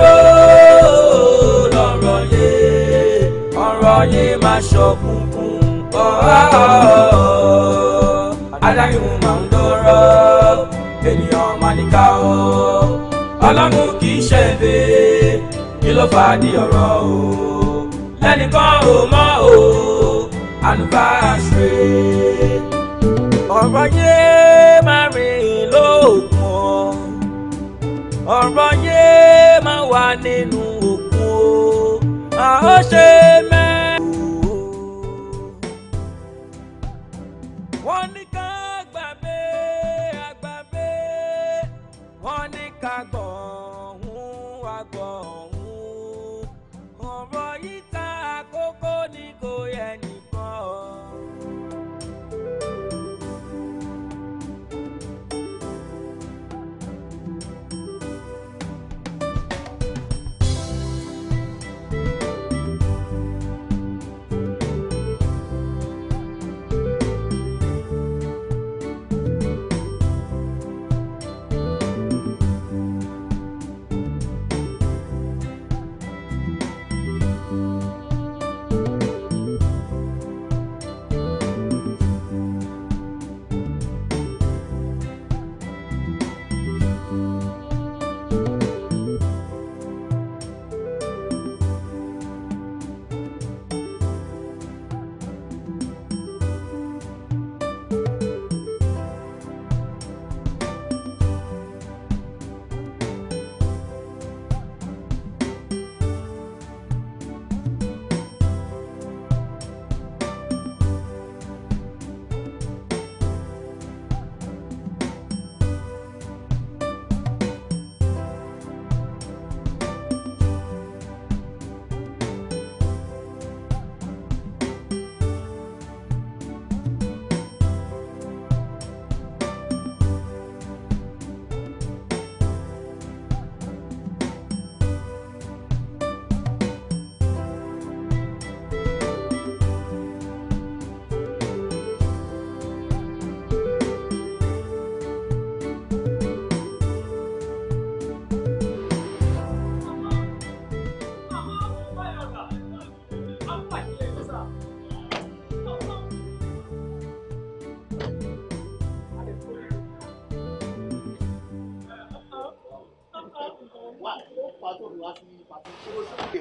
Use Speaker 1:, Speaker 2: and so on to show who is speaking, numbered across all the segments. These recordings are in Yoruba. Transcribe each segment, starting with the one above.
Speaker 1: tó lọ́rọ̀ yé ọ̀rọ̀ yé má ṣọ̀kùnkùn adáyéhùn máa ń dọ́rọ̀ ènìyàn máa ní ká o ọlọ́run kì í ṣẹ̀bẹ̀ kí ló fà á di ọ̀rọ̀ o lẹ́nìkan ò mọ̀ o àlùbáṣe. ọ̀rọ̀ yé máa rìn lóògùn ọ̀rọ̀ wá nínú òkun o a ó ṣe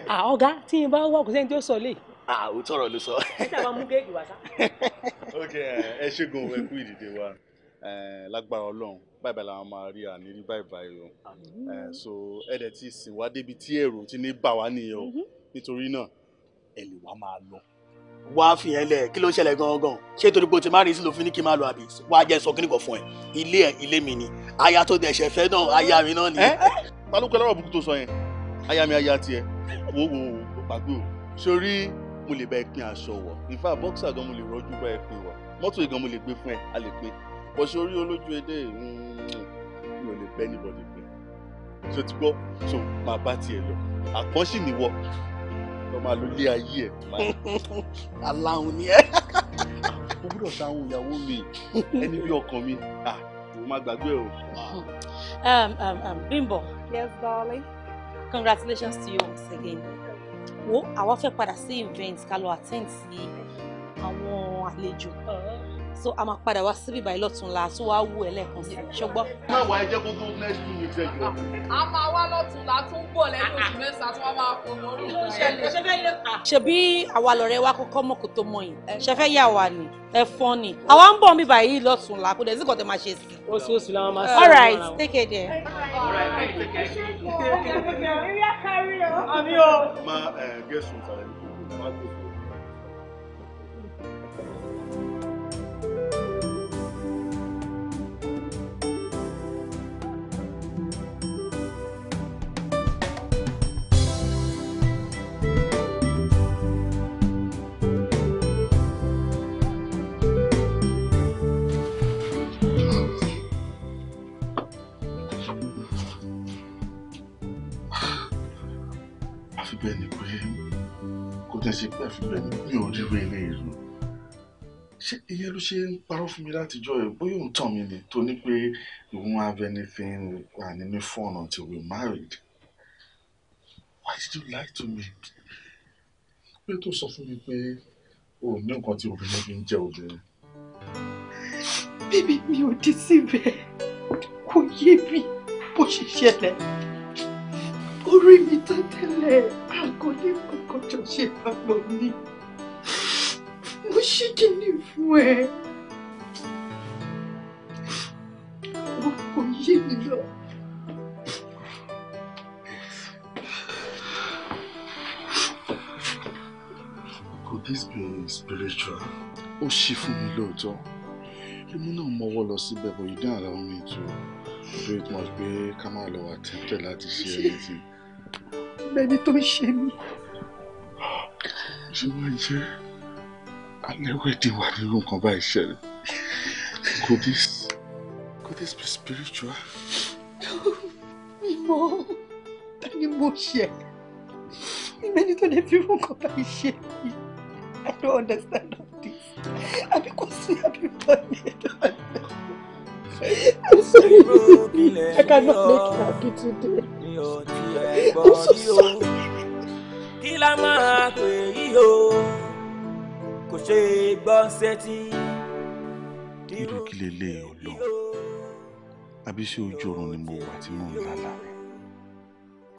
Speaker 2: Ah, ọ̀gá tí n bá wà kò sẹ́ni tí ó sọ lè. Ah, ó tọrọ ló sọ.
Speaker 3: ẹ sábà mú kéèkì wá sá. ok ẹ ṣègùn ẹ kú ìdìde wa lágbára Ọlọ́run báyìí báyìí làwọn máa rí àní rí báyìí báyìí o so ẹ dẹ̀ ti sìn wá débi tí èrò ti ní bà wá nìyẹn o mhm. nítorí náà ẹ lè wá máa lọ wá fi yẹn lẹ kí ló ṣẹlẹ̀ gangan ṣé torí pé o ti máa rìn sí lòfin ní kí n máa lọ àbí wá jẹ sọ kíni kan fún ẹ ilé ẹ ilé mi ni aya tó
Speaker 1: dẹ̀ṣẹ̀ fẹ́ náà aya mi
Speaker 3: náà ni. ta ló pẹ́ lọ́rọ̀ burúkú tó sọ yẹn aya mi aya tiẹ̀ wo wo wo pàgbé o sórí mo lè bá ẹ pín aṣọ wọ̀ ìfà bọ́ksà gan mo lè rọ́jú bá ẹ pín wọ̀ mọ́tò yìí gan mo lè gbé fún ẹ a lè pín bọ́ sórí olójú edé mm, mi ò lè bẹ́ anybody pín so ti gbọ́ so máa bá tiẹ̀ lọ àkànṣì nìwọ lọ máa lo ilé ayé ẹ.
Speaker 2: aláhùn ni ẹ.
Speaker 3: mo gbọ́dọ̀ sáwọn ìyàwó mi ẹni bí ọkàn mi ah mo máa gbàgbé o.
Speaker 2: Um, um, um, Bímbọ́. yes darling congratulations to you once
Speaker 4: again wo àwa fẹ́ padà sí event ká lọ attend sí àwọn
Speaker 2: àlejò oh so a máa padà wá síbí báyìí lọ́túnla tó wá wú ẹ sí ṣọgbọ́. má wà á kó tó next two weeks ẹ̀ jùlọ. a máa wá lọ́túnla tó ń bọ̀ lẹ́nu oṣù mẹ́sàn-án tí wọ́n máa kó lórí ìṣẹ̀lẹ̀. ṣebí àwa lọ̀rẹ́ wa kọ́kọ́ mọ̀ kó tó mọ̀ yìí ṣẹfẹ́ yà wá ni ẹ fọ́n ni àwa ń bọ̀ mí báyìí lọ́túnla kó la máa ṣe. all take care
Speaker 3: tẹ̀sí pẹ́ fi bẹ̀ ilé ìlú ṣé iye ló ṣe ń parọ́ fún mi látijọ́ ẹ̀ bóyá òun tàn mí ni tó ní pé you won't have anything wà nínú fọ́ọ̀nù until we married why did you lie to me pé tó sọ fún mi pé o ní nǹkan tí obìnrin fi ń jẹ́ obìnrin.
Speaker 2: bíbí mi ò dé síbẹ̀ kò yé mi bó ṣe ṣẹlẹ̀ orí mi tó tẹ́lẹ̀ àkọlé kankan jọ ṣe papọ̀ ni mo ṣí kíní fún ẹ wọn kò yé mi lọ.
Speaker 3: Could this be spiritual? ó ṣí fún mi lóòótọ́ èmi náà mọwọ́ lọ síbẹ̀ bọ̀ ìdá àlàó mi tó bí mo gbé ká má lọ wà tẹ́tẹ̀ láti ṣe anything mẹ́ni tó ń ṣe mí. ṣé wàá jẹ́ anẹ́wẹ̀dì wà nínú nǹkan báyìí ṣẹlẹ̀ could this could this be spiritual.
Speaker 2: mímọ́ ta ni mo ṣe mẹ́ni tó lè fi irú nǹkan báyìí ṣe mí I don't understand all this àbí kò sí àbí bọ́
Speaker 5: ni ẹ̀ dọ́ọ̀lẹ́ I'm sorry I cannot make it happy today. I'm
Speaker 1: kí la máa pè yí o kò ṣe gbọ́ sétí.
Speaker 3: irú kí leléyìí ò àbí ṣé ojú oorun ni mo wà tí mò ń lálàá rẹ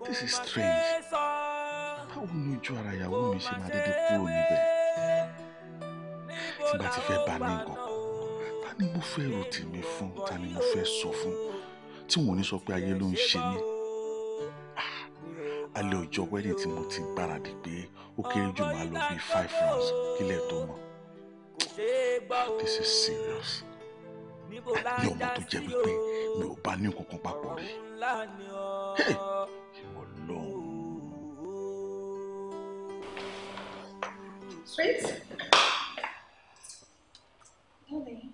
Speaker 3: this is strange báwo ni ojú ara ìyàwó mi ṣe máa dédé kúrò níbẹ̀ tí bá ti fẹ́ bá ní nǹkan kan ta ni mo fẹ́ rò tèmi fún ta ni mo fẹ́ sọ fún tí wọn ò ní sọ pé ayé ló ń ṣe mí alẹ́ ọjọ́ wedding tí mo ti gbáradì pé ó kéré jù máa lọ bíi five rounds kílẹ̀ tó mọ́
Speaker 1: this is serious ní ọmọ tó jẹ́ wípé mi ò bá ní kankan papọ̀ rí ìwọ lọ́hùn. Sweet. Darling.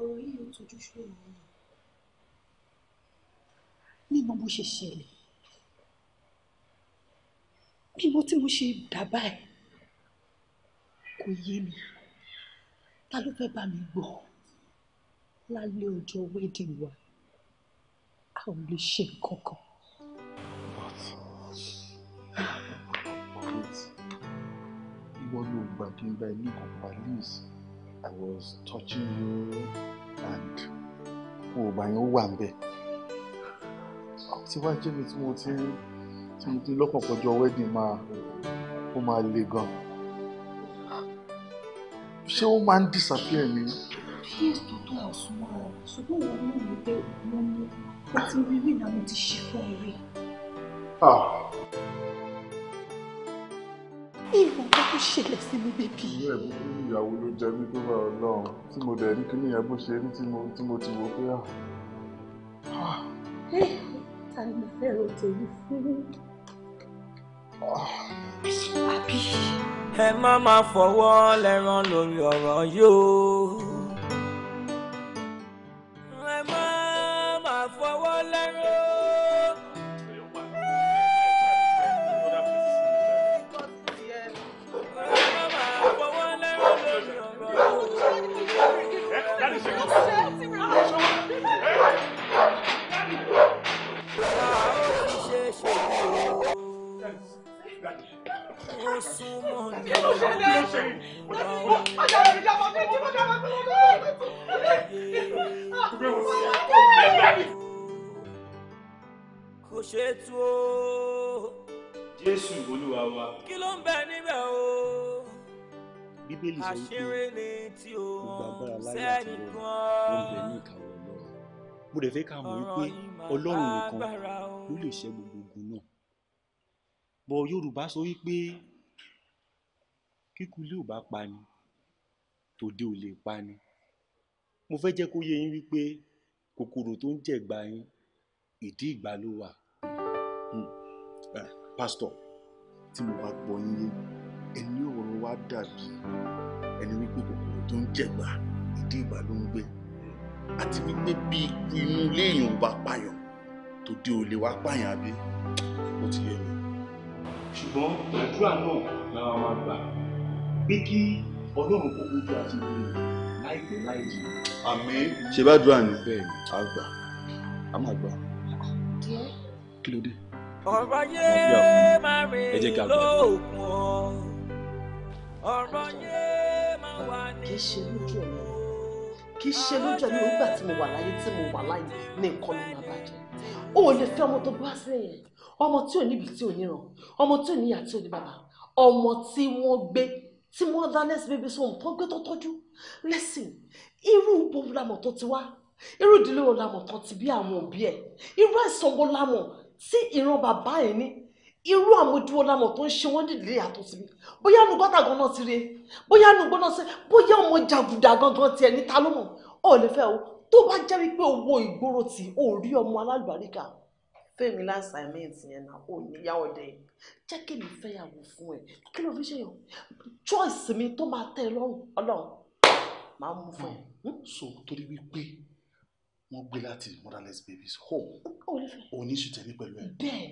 Speaker 6: ọ̀rọ̀ yìí ò tójú sú èmi nù
Speaker 4: ní gbogbo ṣe ṣẹlẹ̀
Speaker 2: bí mo tí mo ṣe dàbá ẹ̀ kò yé mi ta ló fẹ́ bá mi gbọ́ lálẹ́ ọjọ́ wedding wa a ò lè ṣe nǹkan kan.
Speaker 3: ìwọ ló gbà kí n bá ẹ ní kò pa liz. I was touching you and kó o bá yẹn ó wà ń bẹ̀. Tí wàá jẹ́ mi tí mo ti tí mo ti lọ́kàn kọjọ wedding máa ó máa le gan. Ṣé ó máa ń disappear mi?
Speaker 5: Kí èso tó wà súnmọ́ ọ,
Speaker 2: ṣùgbọ́n òun náà ló dé òun mú. Ó ti rí rí ìnáwó ti ṣe fún ẹ Ah ìwọ nǹkan tó ṣẹlẹ̀ sí mi
Speaker 3: bíbí. ìwé ìbùkún ìyàwó ló jẹ mí tó bá Ọlọ́run tí mo dẹ̀ ní kí nìyẹn bó ṣe rí tí mo
Speaker 1: ti wò pé à. Ah.
Speaker 2: ta ni mo fẹ́ tèmi
Speaker 1: fún àbí. ẹ má máa fọwọ́ lẹ́rán lórí ọ̀rọ̀ yóò.
Speaker 3: láàmú wípé ọlọ́run nìkan ló lè ṣe gbogbo ogun náà bọ yorùbá sọ wípé kíkú ilé ò bá pani tòde ò lè pani mo fẹ́ jẹ́ kó yé yín wípé kòkòrò tó ń jẹ̀gbà yín ìdí ìgbà ló wà hmm. eh, pásítọ̀ tí mo bá gbọ́ yín yé ẹni ọ̀rọ̀ wa dàbí ẹni wípé kòkòrò tó ń jẹ̀gbà ìdí ìgbà ló ń gbé àti wípé bí ikú inú ilé èèyàn bá pààyàn tó dé olè wá pààyàn àbí ó ti yé mi. ṣùgbọ́n
Speaker 5: àdúrà náà làwọn máa
Speaker 3: gbà pé kí ọlọ́run kò kójú àti ìlú láìpẹ́ láì jìnnà. àmín. ṣe bá dúrà ní. bẹ́ẹ̀ni a gbà a máa gbà. kí ló dé.
Speaker 1: ọ̀rọ̀ yé máa rìn lóògùn ọ̀rọ̀ yé máa wà ní. kì í ṣe lójú ọ̀la kì í ṣe lójú ẹni nígbà tí mo
Speaker 2: wà láyé tí mo wà láyé ní nǹkan mi máa bàjẹ́ o ò lè fẹ́ ọmọ tó bá sílẹ̀ yẹn ọmọ tí ò níbi tí ò níran ọmọ tí ò níyà tí ò ní bàbá ọmọ tí wọ́n gbé tí motherless baby home tó gbé tó tọ́jú lẹ́sìn irú gbogbo lamọ̀ tó ti wá irú ìdílé wo lamọ̀ tó ti bí àwọn òbí ẹ̀ irú àìsàn wo lamọ̀ tí ìran bàbá ẹ̀ ní irú àmójúwò lamọ̀ tó ń ṣe wọ́n nídìí àtọ̀síbí bóyá nu gọ́tà gan náà ti rí e bóyá nù gbọ́dọ̀ sẹ́ bóyá ọmọ jàgùdà gangan tiẹ̀ níta ló mọ̀ ọ̀ lè fẹ́ o tó bá jẹ́ wípé owó ìgboro tí ò rí ọmọ alálùbáríkà fẹ́mi lásàmẹ́ǹtì yẹn náà ò níyàwó dẹ̀ jẹ́ kí mi fẹ́yàwó fún ẹ kí ló fi ṣe yàn choice mi tó máa tẹ́ lọ́rùn ọlọ́run
Speaker 3: máa mú fún ẹ. Hmm? so torí wípé wọn gbé láti motherless babies home oníṣùtẹ ní pẹ̀lú ẹ bẹ́ẹ̀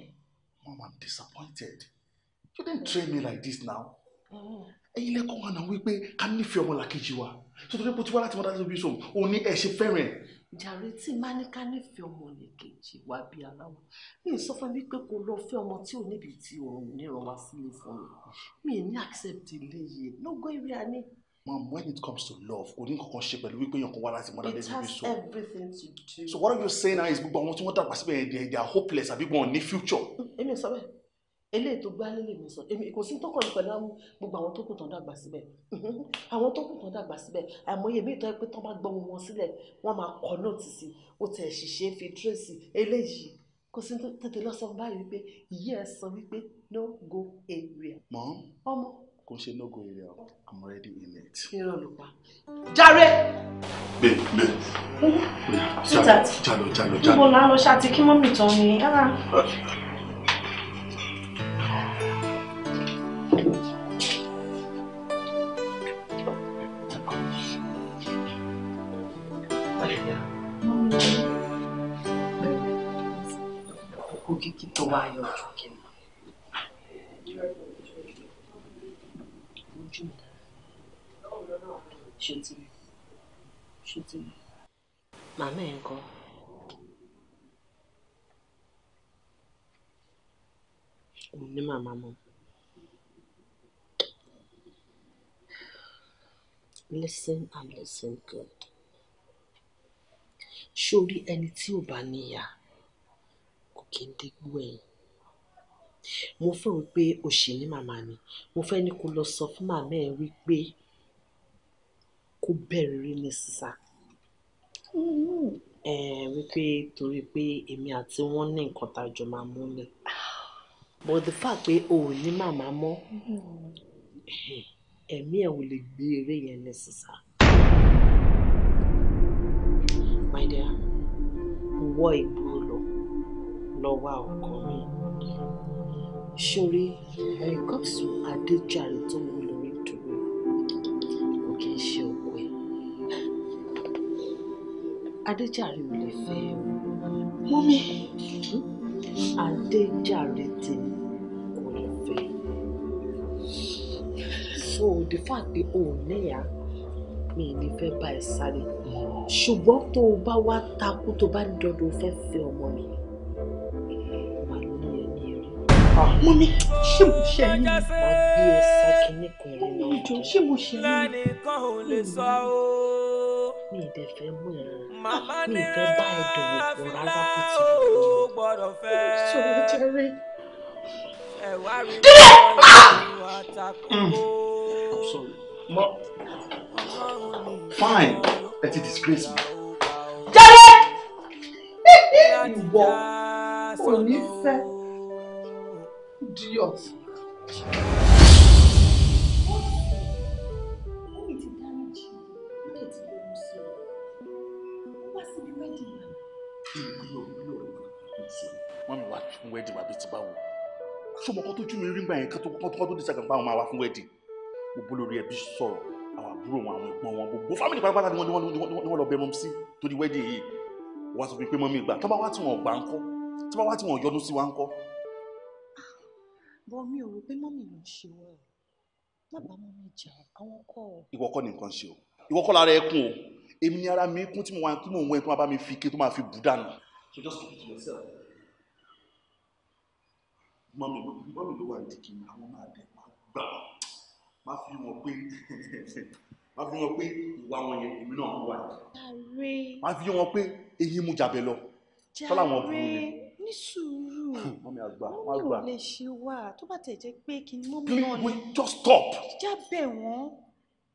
Speaker 3: mom i'm disappointed you didn't train me like this now. Mm ẹ̀yin lẹ́kọ̀ọ́ wa náà wípé ká nífẹ̀ẹ́ ọmọlàkejì wa tó tó dé kó tí wá láti mọ́tàlá tóbi sòm òun ní ẹ ṣe fẹ́ràn.
Speaker 6: jàre tí máa ní ká nífẹ̀ẹ́ ọmọlàkejì wa bíi aláwọ̀ mi ò sọ fún mi pé kó lọ fẹ́ ọmọ tí ò níbi tí òun níran wá sílé fún mi mi ò ní accept eléyìí lọ́gọ́ eré a
Speaker 3: Mom, when it comes to love, kò ní kankan ṣe pẹ̀lú wípé yankan wá láti mọ́tà bí so. It has
Speaker 6: everything to do. So what
Speaker 3: are you saying now is gbogbo àwọn tí wọ́n dàgbà they are hopeless àbí wọn future.
Speaker 2: Èmi ò eléyìí tó gbá nílé mi sọ èmi kò sí tọkàn ní pẹ̀lú àwọn gbogbo àwọn tó kù tán dàgbà síbẹ̀ àwọn tó kù tán dàgbà síbẹ̀ àìmọye mi ìtọ́ pé tán bá gbọ́ wọn sílẹ̀ wọ́n máa kọ́ nóòtì sí ó tẹ̀ ṣiṣẹ́ fi tírèsì eléyìí kò sí tètè lọ báyìí wípé ìyí ẹ sọ wípé no
Speaker 3: go area. mọ
Speaker 2: ọmọ kò ṣe no go area o i'm already in it. irọ́ ló
Speaker 3: pa. jàre. gbé gbé jalo jalo jalo. ibo
Speaker 2: la lọ ṣáà ti kí mọ́mì tán ni. Ah.
Speaker 3: Uh,
Speaker 7: wá yọjú
Speaker 5: kí ni. ojú mi dára
Speaker 2: ṣé listen and listen good sórí ẹni tí ò bá níyà kò kí n mo fẹ́ wí pé òṣì ni màmá ni mo fẹ́ ní kó lọ sọ fún màmá ẹ̀ wí pé kó bẹ̀rẹ̀ eré ní sísá mm-hmm. wípé torí pé èmi àti wọn ní nǹkan tá a jọ máa mú ni but the fact pé o ò ní màmá mọ́ mm-hmm. ẹ̀mí
Speaker 6: ẹ̀ ò lè gbé eré yẹn ní sísá. my dear wọ ìgboro lọ lọ wá ọkọ sórí when it comes to adéjàre tó wọ lórí dúró kò kì í ṣe òkú ẹ adéjàre ò lè fẹ́ ẹ mọ́mí adéjàre tèmi kò lè fẹ́ so the fact pé òun níyà mi ní fẹ́ bá ẹ sáré ṣùgbọ́n tó o bá wá takú tó o bá ń dọdọ fẹ́ fẹ́ ọmọ mi. Ah, mo ní ṣé mo ṣe yín máa gbé ẹ sá kínní kan rí náà jọ ṣé
Speaker 2: mo ṣe yín mi ì dẹ̀ fẹ́ mú ẹ̀ rẹ̀
Speaker 1: ah, mi ì fẹ́
Speaker 2: bá ẹ dòwò pọ̀ rárá
Speaker 1: kó ti rẹ̀ mi sọ̀rọ̀ jẹ́rẹ́. I'm
Speaker 5: sorry. Ma. Fine. Ẹ ti disgrace me. Jẹ́rẹ́!
Speaker 2: Ìwọ ò ní fẹ́
Speaker 5: idiot.
Speaker 3: wọ́n mi wá fún wẹ́ẹ̀dì wà bíi ti báwo ṣọmọ kan tó jú mi rí gbà yẹn kọ́tọ́ tó dísàgbà bá wọn máa wá fún wẹ́ẹ̀dì gbogbo lórí ẹbí sọ̀rọ̀ àwọn àbúrò wọn àwọn ẹ̀gbọ́n wọn gbogbo fámìlì pátápátá ni wọ́n lọ bẹ mọ́ sí torí wẹ́ẹ̀dì yìí wọ́n á sọ pé mọ́mí gbà tọ́ba wá tí wọ́n gbà ńkọ́ tọ́ba wá tí wọ́n yọnu sí wa ńkọ́
Speaker 2: bọ́ mi ò rò pé mọ́mì ló ń ṣe wọ́n má bá mọ́mì jà
Speaker 6: àwọn kọ́ ọ.
Speaker 3: ìwọ kọ́ ni nǹkan ṣe o ìwọ kọ́ lára ẹ kún o èmi ni ara mi kún tí mo wá tí mo ń wọ tó máa bá mi fi ké tó máa fi bù dànù. so just keep it to yourself. mọ́mì mọ́mì ló wà ní kí àwọn máa bẹ̀ máa gbà má fi wọn pé má fi wọn pé ìwà wọn yẹn èmi náà wà. má fi wọn pé eyín mú jàbẹ́ lọ. jàre
Speaker 6: ní sùúrù hmm,
Speaker 3: mọ́mí àgbà wọ́n àgbà ò lè
Speaker 2: ṣe wá tó bá tẹ̀ jẹ́ pé kí ni mọ́mí náà ni. we just stop. ìjà bẹ̀ wọ́n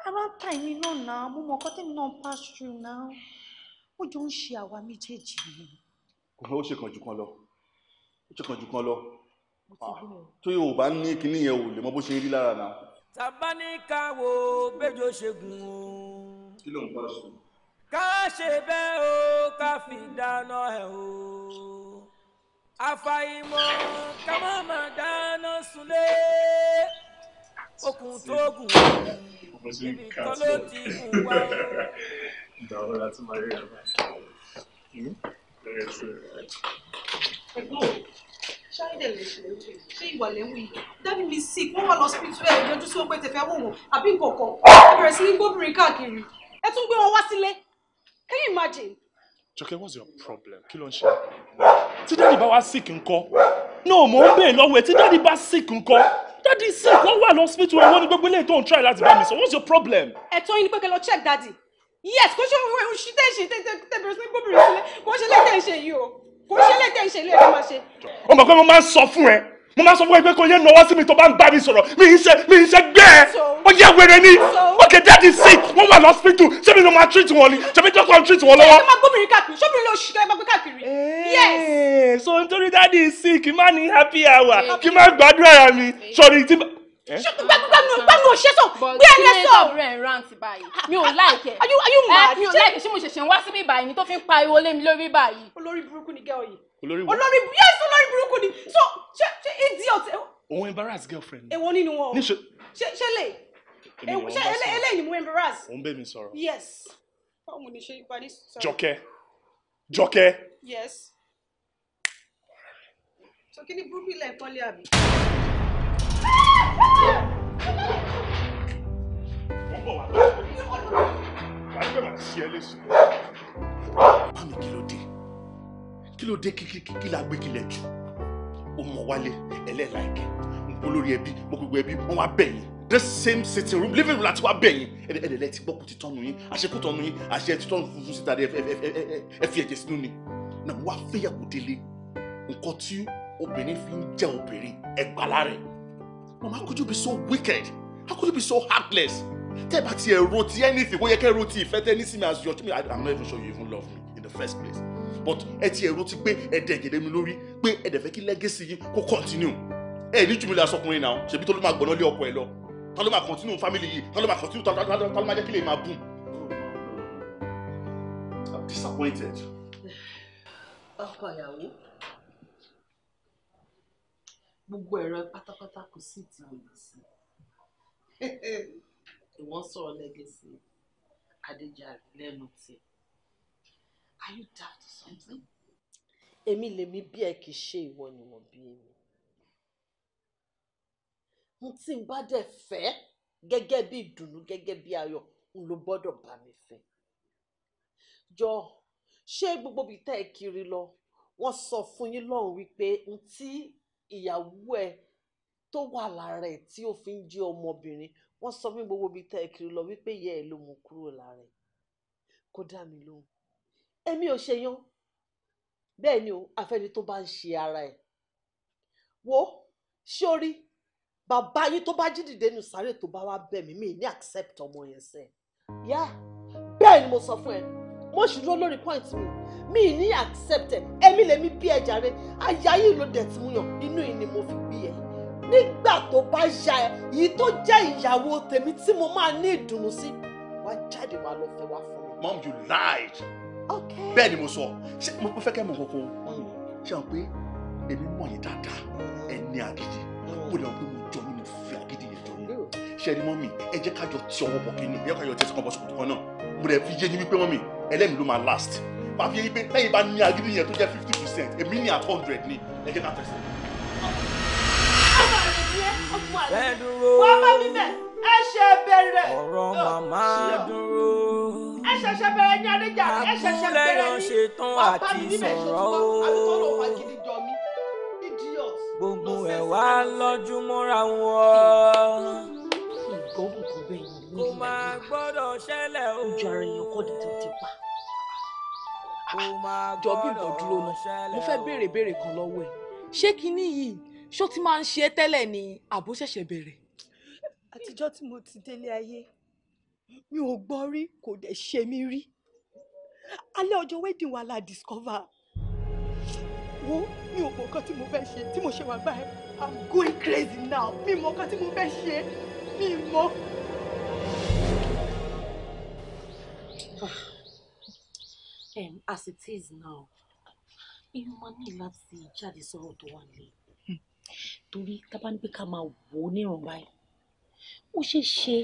Speaker 2: ara ta èmi náà náà mo mọ̀ ọkàn tèmi náà pass through náà ó jọ ń ṣe
Speaker 1: àwa méjèèjì ni.
Speaker 3: kò mọ ṣe kàn jù kan lọ ó ṣe kàn jù kan lọ ah, tó yóò bá ní kinní yẹn ò lè mọ bó ṣe rí lára náà.
Speaker 1: tàbá ní ká wo kí ló ń bá sùn. ká ṣe bẹ́ẹ̀ o ká fi dáná ẹ̀ o àfàìmọ̀ ká má má dáná sunlé
Speaker 3: okùn tó gùn ti gùn wá.
Speaker 2: dábì hmm? mi sí kí wọ́n wá lọ sípítù ẹ̀ yọjú sí ọgbẹ́ tẹ̀fẹ́ wò wọ́n àbí nǹkan ẹ bẹ̀rẹ̀ sí ní gbóbìnrin káàkiri ẹ tún gbé wọn wá sílé can you imagine.
Speaker 3: Jọkẹ́ what's your problem kí ló ń ṣe tí dáàdì bá wá sick ńkọ́ no mò ń bèè lọ́wọ́ ẹ̀ tí dáàdì bá sick ńkọ́ dáàdì sick wọ́n wà lọ hospital ẹ̀ wọ́n ní gbogbo eléyìí tó ń try láti bá mi sọ what's your problem.
Speaker 2: ẹ̀tọ́ yín ni pé kẹ́ lọ check dáàdì yes kó ṣe ohun ṣí tẹ̀ ṣe tẹ̀ bẹ̀rẹ̀ sí gbóbìnrin sílẹ̀ kó ṣe lẹ́tẹ̀ ṣe yìí o kó ṣe lẹ́tẹ̀ ṣe ilé ẹ̀ máa ṣe.
Speaker 3: ọmọ pé mo máa ń sọ mo máa sọ fún ẹ pé kò yẹ nọwọ́ sí mi tó bá ń bá mi sọ̀rọ̀ mi ń ṣe mi ń ṣe gbẹ́ ẹ ó yẹ wèrè ni ok dad is sick wọ́n wà lọ́sípítù ṣé mi ló máa treat wọn ni ṣé mi dọ́kọ̀ ń treat wọn lọ́wọ́. ṣé o máa
Speaker 2: gbóbìnrin káàkiri ṣé obìnrin ló ṣì kẹ́ ẹ máa gbé káàkiri. Eh,
Speaker 3: yes. so nítorí dad is sick kí má ní happy hour kí má gbádùn ara mi sọ̀rọ̀ ìtì
Speaker 2: gbẹnu
Speaker 3: ò ṣe sọ ẹ sọ.
Speaker 6: bọ́ọ̀dù
Speaker 2: rẹ̀ ń rántí báyìí mi ò láìkẹ́. are you are you eh, mad. mi ò láìkẹ́ ṣé mo ṣẹ̀ṣẹ̀ ń wá síbí báyìí ni tó fi ń pariwo lé mi lórí báyìí. olórí burúkú ni gẹ́ọ̀ yìí. olórí wo olórí yes olórí burúkú ni so ṣe ṣe idiot.
Speaker 3: òun embarrass girlfriend. èwo
Speaker 2: nínú wọn. níṣe. ṣe ṣe lè.
Speaker 3: ṣe eléyìí
Speaker 2: mú embarrass. òun bẹ̀ mi sọ̀rọ̀. yes. báwo ni ṣe ìpàdé sọ̀rọ̀. jọkẹ́ jọkẹ́. yes. so kí ni burúkú ilẹ̀ Mami
Speaker 3: same sitting room living room láti wá bẹ̀yìn. Ẹ̀dẹ̀lẹ̀ ti gbọ́ kó ti tọ́nu yín, àṣẹ kó tọ́nu yín, àṣẹ ti tọ́nu funfun síta dé ẹ fi ẹ̀jẹ̀ sínú ni. Nà mo wá fẹ́yàwó délé. Nǹkan tí fi ń jẹ́ obìnrin ẹgbàá lára ẹ̀. Mama, how could you be so wicked? How could you be so heartless? Tell bá tiẹ̀ ro ti anything, kó yẹ kẹ́ ro ti ìfẹ́ tẹ́ as your children. I'm not even sure you even love me in the first place. But ẹ tiẹ̀ ro ti pé ẹ̀dẹ̀ gèdè mi lórí pé ẹ̀dẹ̀ fẹ́ kí legacy yín kó continue. Ẹ ní jùmílẹ̀ asọkùnrin náà, ṣèbí tó ló máa gbọ̀nà lé ọkọ ẹ lọ. Ta ló máa continue family yìí? Ta ló continue? Ta ló máa jẹ́ kí lè máa boom? I'm disappointed.
Speaker 2: Ọkọ ìyàwó gbogbo ẹ̀rọ pátápátá kò sí ti lòdì sí ìwọ́n sọ̀rọ̀ lẹ́gẹ̀ẹ́sì adéjàre lẹ́nu tiẹ̀ are you daft to something. èmi lèmi bí ẹ kì í ṣe ìwọ ni wọn bí èmi mo ti ń bá dẹ̀ fẹ́ gẹ́gẹ́ bí ìdùnnú gẹ́gẹ́ bí ayọ̀ n ló gbọ́dọ̀ bá mi fẹ́ jọ ṣé gbogbo bíi tẹ́ ẹ kiri lọ wọ́n sọ fún yín lọ́hùn wípé n ìyàwó ẹ tó wà lára ẹ tí ó fi ń jẹ ọmọbìnrin wọn sọ fún gbogbo ibi tẹ ẹ kiri lọ wípé ìyá ẹ ló mú kúrò lára ẹ kó dá mi lóhùn èmi ò ṣe yan bẹ́ẹ̀ ni o àfẹ́ni tó bá ń ṣe ara ẹ̀ wo ṣé o rí bàbá yín tó bá jí dìde nù sáré tó bá wá bẹ̀ mí mi ní accept ọmọ yẹn sẹ́ẹ̀ yá bẹ́ẹ̀ ni mo sọ fún ẹ mo sì dúró lórí point mi mi ní accepted èmi lèmi bí ẹ jàre aya yìí ló dẹ̀ ti mú yàn inú yìí ni mo fi bí ẹ nígbà tó bá ya ẹ yìí tó jẹ́ ìyàwó tèmi tí mo máa ní ìdùnnú sí wá jáde wá lọ fẹ́ wá fún
Speaker 3: mi. mom you lied. okay. bẹ́ẹ̀ ni mo sọ ṣé mo fẹ́ kẹ́ mọ̀ kankan ṣé àwọn pé èmi mọ̀ yín dáadáa ẹ ní agídí mo lè wọ́n pé mo jọ yín mo fi agídí yẹn jọ yín ṣé ẹ ní mọ́mì ẹ jẹ́ ká jọ ti ọwọ́ bọ̀ kí ni ẹ jẹ́ ká jọ ti ẹsẹ̀ kan bọ̀ sọ̀tún kan náà mo lè fi yé yín wípé mọ́mì ẹlẹ́mìí ló máa last wà á pé lẹ́yìn bá ní agídí yẹn tó jẹ́ fifty percent èmi ní at hundred ni ẹ̀jẹ̀ náà tẹ̀sẹ̀.
Speaker 1: ẹ dúró wọ́n bá mi bẹ̀ ẹ ṣe bẹ̀rẹ̀ ọ̀rọ̀ màmá dúró ẹ ṣẹ̀ṣẹ̀ bẹ̀rẹ̀ ní adéjà ẹ ṣẹ̀ṣẹ̀ bẹ̀rẹ̀ ní wọ́n bá mi bẹ̀ ṣètò àbíkọ́ gbogbo ẹ̀ wá lọ́jú mọ́ra wọn nǹkan ọdún kan bẹ́ẹ̀ yìí ojú ara èèyàn kọ́ dé tó ti pa.
Speaker 2: Ah, jọ bímbọ dúró náà mo fẹ́ béèrè béèrè kan lọ́wọ́ ẹ̀ ṣé kinní yìí ṣó ti máa ń ṣe é tẹ́lẹ̀ ni àbó ṣẹ̀ṣẹ̀ bẹ̀rẹ̀.
Speaker 4: àtijọ́ tí mo ti délé ayé
Speaker 2: mi ò gbọ́ rí kò dẹ̀ ṣe mí rí alẹ́ ọjọ́ wedding wa discover wo mi ò mọ nǹkan tí mo fẹ́ ṣe tí mo ṣe wà báyìí i'm going crazy now mi mọ nǹkan tí mo fẹ́ ṣe mi mọ.
Speaker 6: Ah um as it is now èèyàn máa ní láti jáde sọ̀rọ̀ tó wà nílé torí tábà ní pé ká máa wò ó níran báyìí
Speaker 2: ó ṣeé ṣe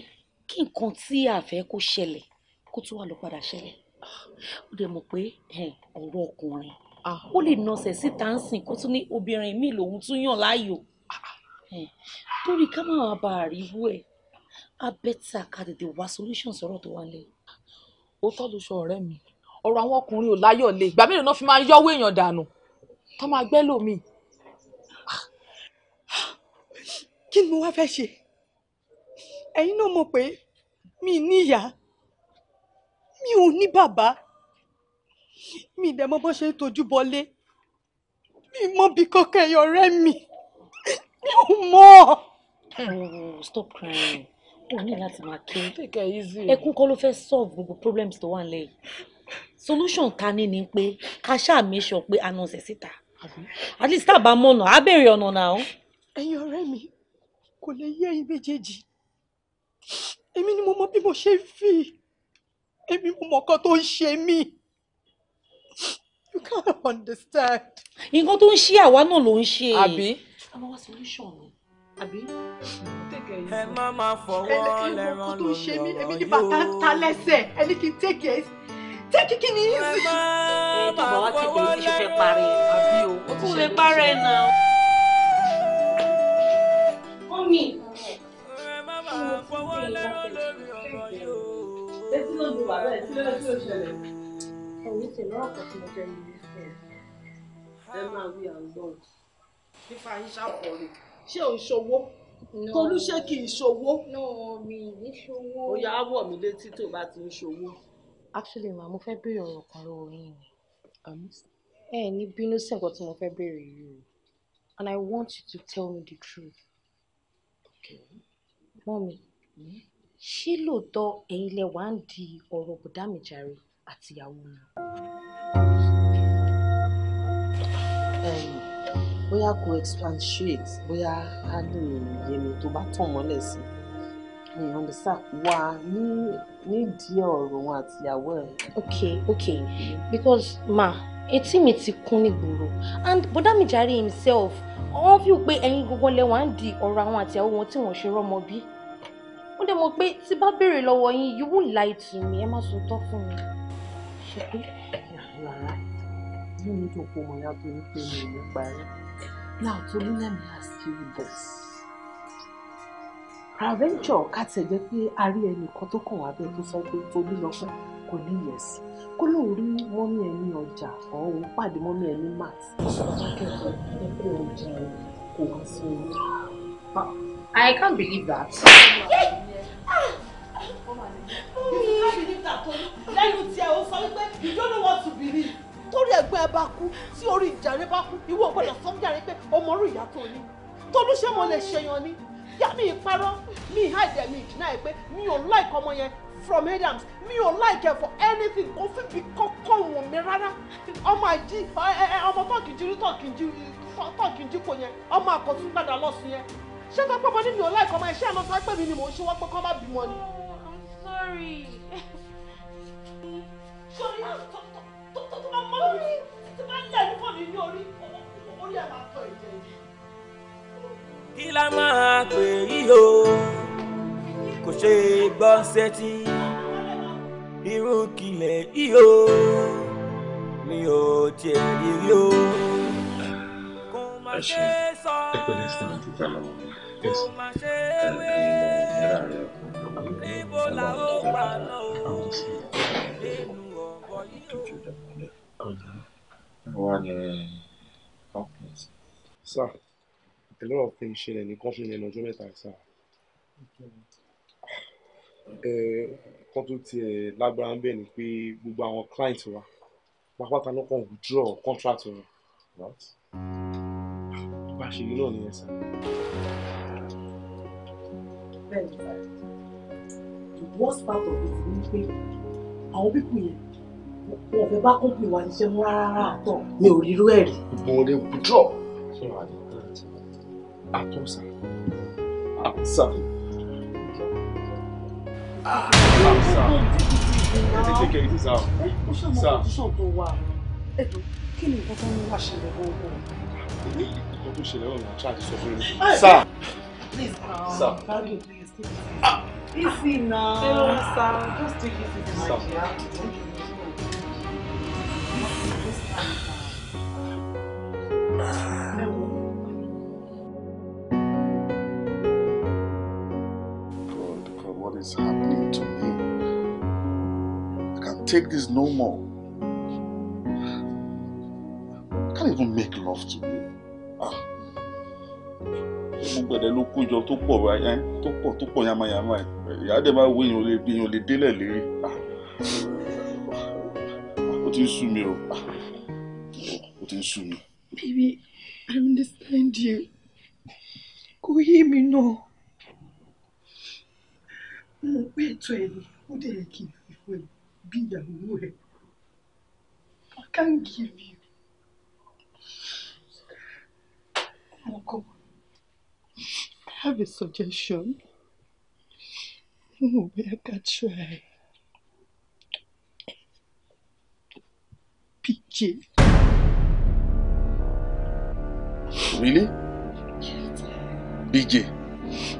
Speaker 2: kí nǹkan tí a fẹ́ kó ṣẹlẹ̀ kó tún wà ló padà ṣẹlẹ̀ ó dẹ̀ mọ̀ pé
Speaker 6: ọ̀rọ̀ ọkùnrin
Speaker 2: ah. ó lè nọsẹ̀ síta ń sìn kó tún ní obìnrin míì lòun tún yàn láàyò torí ká máa bá a rí wú ẹ̀ á bẹ́tà ká tètè wá solution sọ̀rọ̀ tó wà nílé. ó tọ́ ló sọ ọ̀rẹ́ mi ọ̀rọ̀ àwọn ọkùnrin ò láyọ̀ lé ìgbà mélòó náà fi máa ń èèyàn dànù tó máa gbẹ́ lómi. kí ni mo wá fẹ́ ṣe ẹ̀yin náà mọ̀ pé mi ní ìyá mi ò ní bàbá mi dẹ̀ mọ̀ bó ṣe ń bọlé mi mọ̀ bí kọ́kẹ́ ẹ̀yọ̀ rẹ́ mi mi ò mọ̀. Hmm, stop crying o ní láti máa ké ẹkún kọ́ ló fẹ́ solve gbogbo problems tó wà nílẹ̀ yìí solution ta ní ni pé ká ṣáà make sure pé a nọ̀sẹ̀ síta at least tá a bá mọ̀nà á béèrè ọ̀nà náà. ẹ̀yin ọ̀rẹ́ mi kò lè yé ẹ̀yin méjèèjì èmi ni mo mọ bí mo ṣe ń fi èmi mo mọ nǹkan tó ń ṣe mí you can't understand. nǹkan tó ń ṣe àwa náà ló ń ṣe. àbí.
Speaker 1: àwọn wá solution ni àbí. ẹ má máa fọwọ́ lẹ́rán lọ́rọ̀ yóò.
Speaker 2: ẹni kí n tẹ̀kẹ̀ ẹ́ sí jẹ́ kíkí ni yín sí. ẹ tó bọ̀ wá ti pè é tí ṣe fẹ́ parí ẹ̀ àbí o ó kún lè parí ẹ̀ náà. mọ́mí etí ló dùn bàbá ẹ̀ tí ló tí ó ṣẹlẹ̀. ẹ̀yin tẹ̀lé ọ̀pọ̀ tí mo jẹ́ mi ní fẹ́ ẹ máa wí àgbọ̀n fífa yín ṣàpọ̀ rè ṣé ò ń ṣòwò tolú ṣé kì í ṣòwò. náà mi ì ní ṣòwò. ó yá wọ̀ mí létí tó bá ti ń ṣòwò
Speaker 6: actually ma mo fẹ́ béèrè ọ̀rọ̀ kan lọ́wọ́ yín ni um, ẹ ní bínú sí nǹkan tí mo fẹ́ béèrè yìí and I want you to tell me the truth mọ́mi mm-hmm. ṣé lóòótọ́ ẹ̀yin lẹ wá ń di ọ̀rọ̀ bùdá mi jàre àtìyàwó mi.
Speaker 2: Um, bóyá kò expatiate bóyá á lè yé mi tó bá tàn mọ́lẹ̀ sí i mi understand wà
Speaker 6: ní nídìí ọ̀rọ̀ wọn àti ìyàwó ẹ̀. ok ok because ma etí mi ti kún nígboro and bọ́dá mi jàre himself wọ́n fi pé ẹ̀yin gbogbo lẹ́wọ̀n á di ọ̀rọ̀ àwọn àti ìyàwó wọn tí wọ́n ṣe rọ́mọ bí ó dẹ̀ mọ̀ pé tí bá béèrè lọ́wọ́ yín you won't lie to me ẹ má sọ tọ́ fún mi. ṣe pé
Speaker 7: yàrá
Speaker 2: yìí ní ìdókòwò yàtọ̀ nípa èmi ò ní parí
Speaker 6: now Tolu let me ask
Speaker 2: you this. Peradventure ká tiẹ̀ jẹ́ pé a rí ẹnìkan tó kàn wá bẹ́ẹ̀ tó sọ pé torí lọ́pẹ́ kò ní ìyẹ̀sì kó lóun rí mọ́mí ẹ̀ ní ọjà
Speaker 6: ọ̀hún pàdé mọ́mí ẹ̀ ní mart ọjà ẹ̀ kò wá sí i. Ah, I can't believe that.
Speaker 2: lẹ́nu tiẹ̀ o sọ wípé you don't know what to believe. torí ẹgbẹ́ ẹ bá kú tí orí ìjà rẹ bá kú ìwọ gbọ́dọ̀ sọ́jà rẹ pé ọmọ orí ìyá tó ní tolúṣẹ́ mo lè ṣèyàn ni yá mi parọ́ mi hide ẹ̀ mi deny ẹ̀ pé mi ò like ọmọ yẹn from adams mi ò like ẹ for anything kò fi fi kọ́kọ́ wọ̀n mi rárá ọmọ àjí ọmọ tọ́kìjì tọ́kìjì tọ́kìjì kò yẹn ọmọ àkọ́tún padà lọ sí yẹn ṣé tó pọ́ mọ́ ní mi ò like ọmọ ẹ̀ ṣé àná sọ pé mi ni mò ń ṣe wọ́n pé kọ́ má bímọ ni. Oh, i'm sorry. sori ah, tó tó tó bá mọ́ mi tó bá mi ní orí orí ẹ̀ máa tọ ìjẹ́ yìí
Speaker 1: kí la máa pè yí o kò ṣe gbọ́ sétí irú kílẹ̀ yí o mi ò tiẹ̀ rí rí o. kò má ṣe sọ kò má ṣe wé níbo la ó pa náà o nínú ọ̀bọ yìí o.
Speaker 5: One uh, company. So a lot of things ṣẹlẹ̀ ní company lẹ́nu ọjọ́ mẹ́ta sá kan tó tiẹ̀ lágbára ń bẹ̀ ni pé gbogbo àwọn client wa pápátá ló
Speaker 3: kàn withdraw contract wọn bá ṣe rí náà nìyẹn sá.
Speaker 2: bẹ́ẹ̀ni sá the worst part of it ni pé àwọn pípù yẹn wọn ò fẹ́ bá company wa ṣiṣẹ́ mú rárá àtọ̀
Speaker 5: mi ò rí irú ẹ̀ rí. ìbọn lè at all, sir. I'm sorry. Ah, I'm sorry. Ẹ ti take care of yourself.
Speaker 2: Sir. Kí ni nǹkan tó ń wá ṣẹlẹ̀ gbogbo?
Speaker 5: Nǹkan tó ṣẹlẹ̀ ọ̀nà àti àti sọ fún mi. Sir. Please, sir.
Speaker 3: Please, sir.
Speaker 2: Easy now.
Speaker 1: Sir, just take it easy. Sir.
Speaker 3: take this no more. I can't even make love to you. baby
Speaker 2: I understand you Go hear me now. mo pẹ́ tó ẹ ní ó dẹ̀ yẹ kí n be your I can't give you. Moko, I have a suggestion. Maybe I can try. PJ.
Speaker 3: Really? BJ,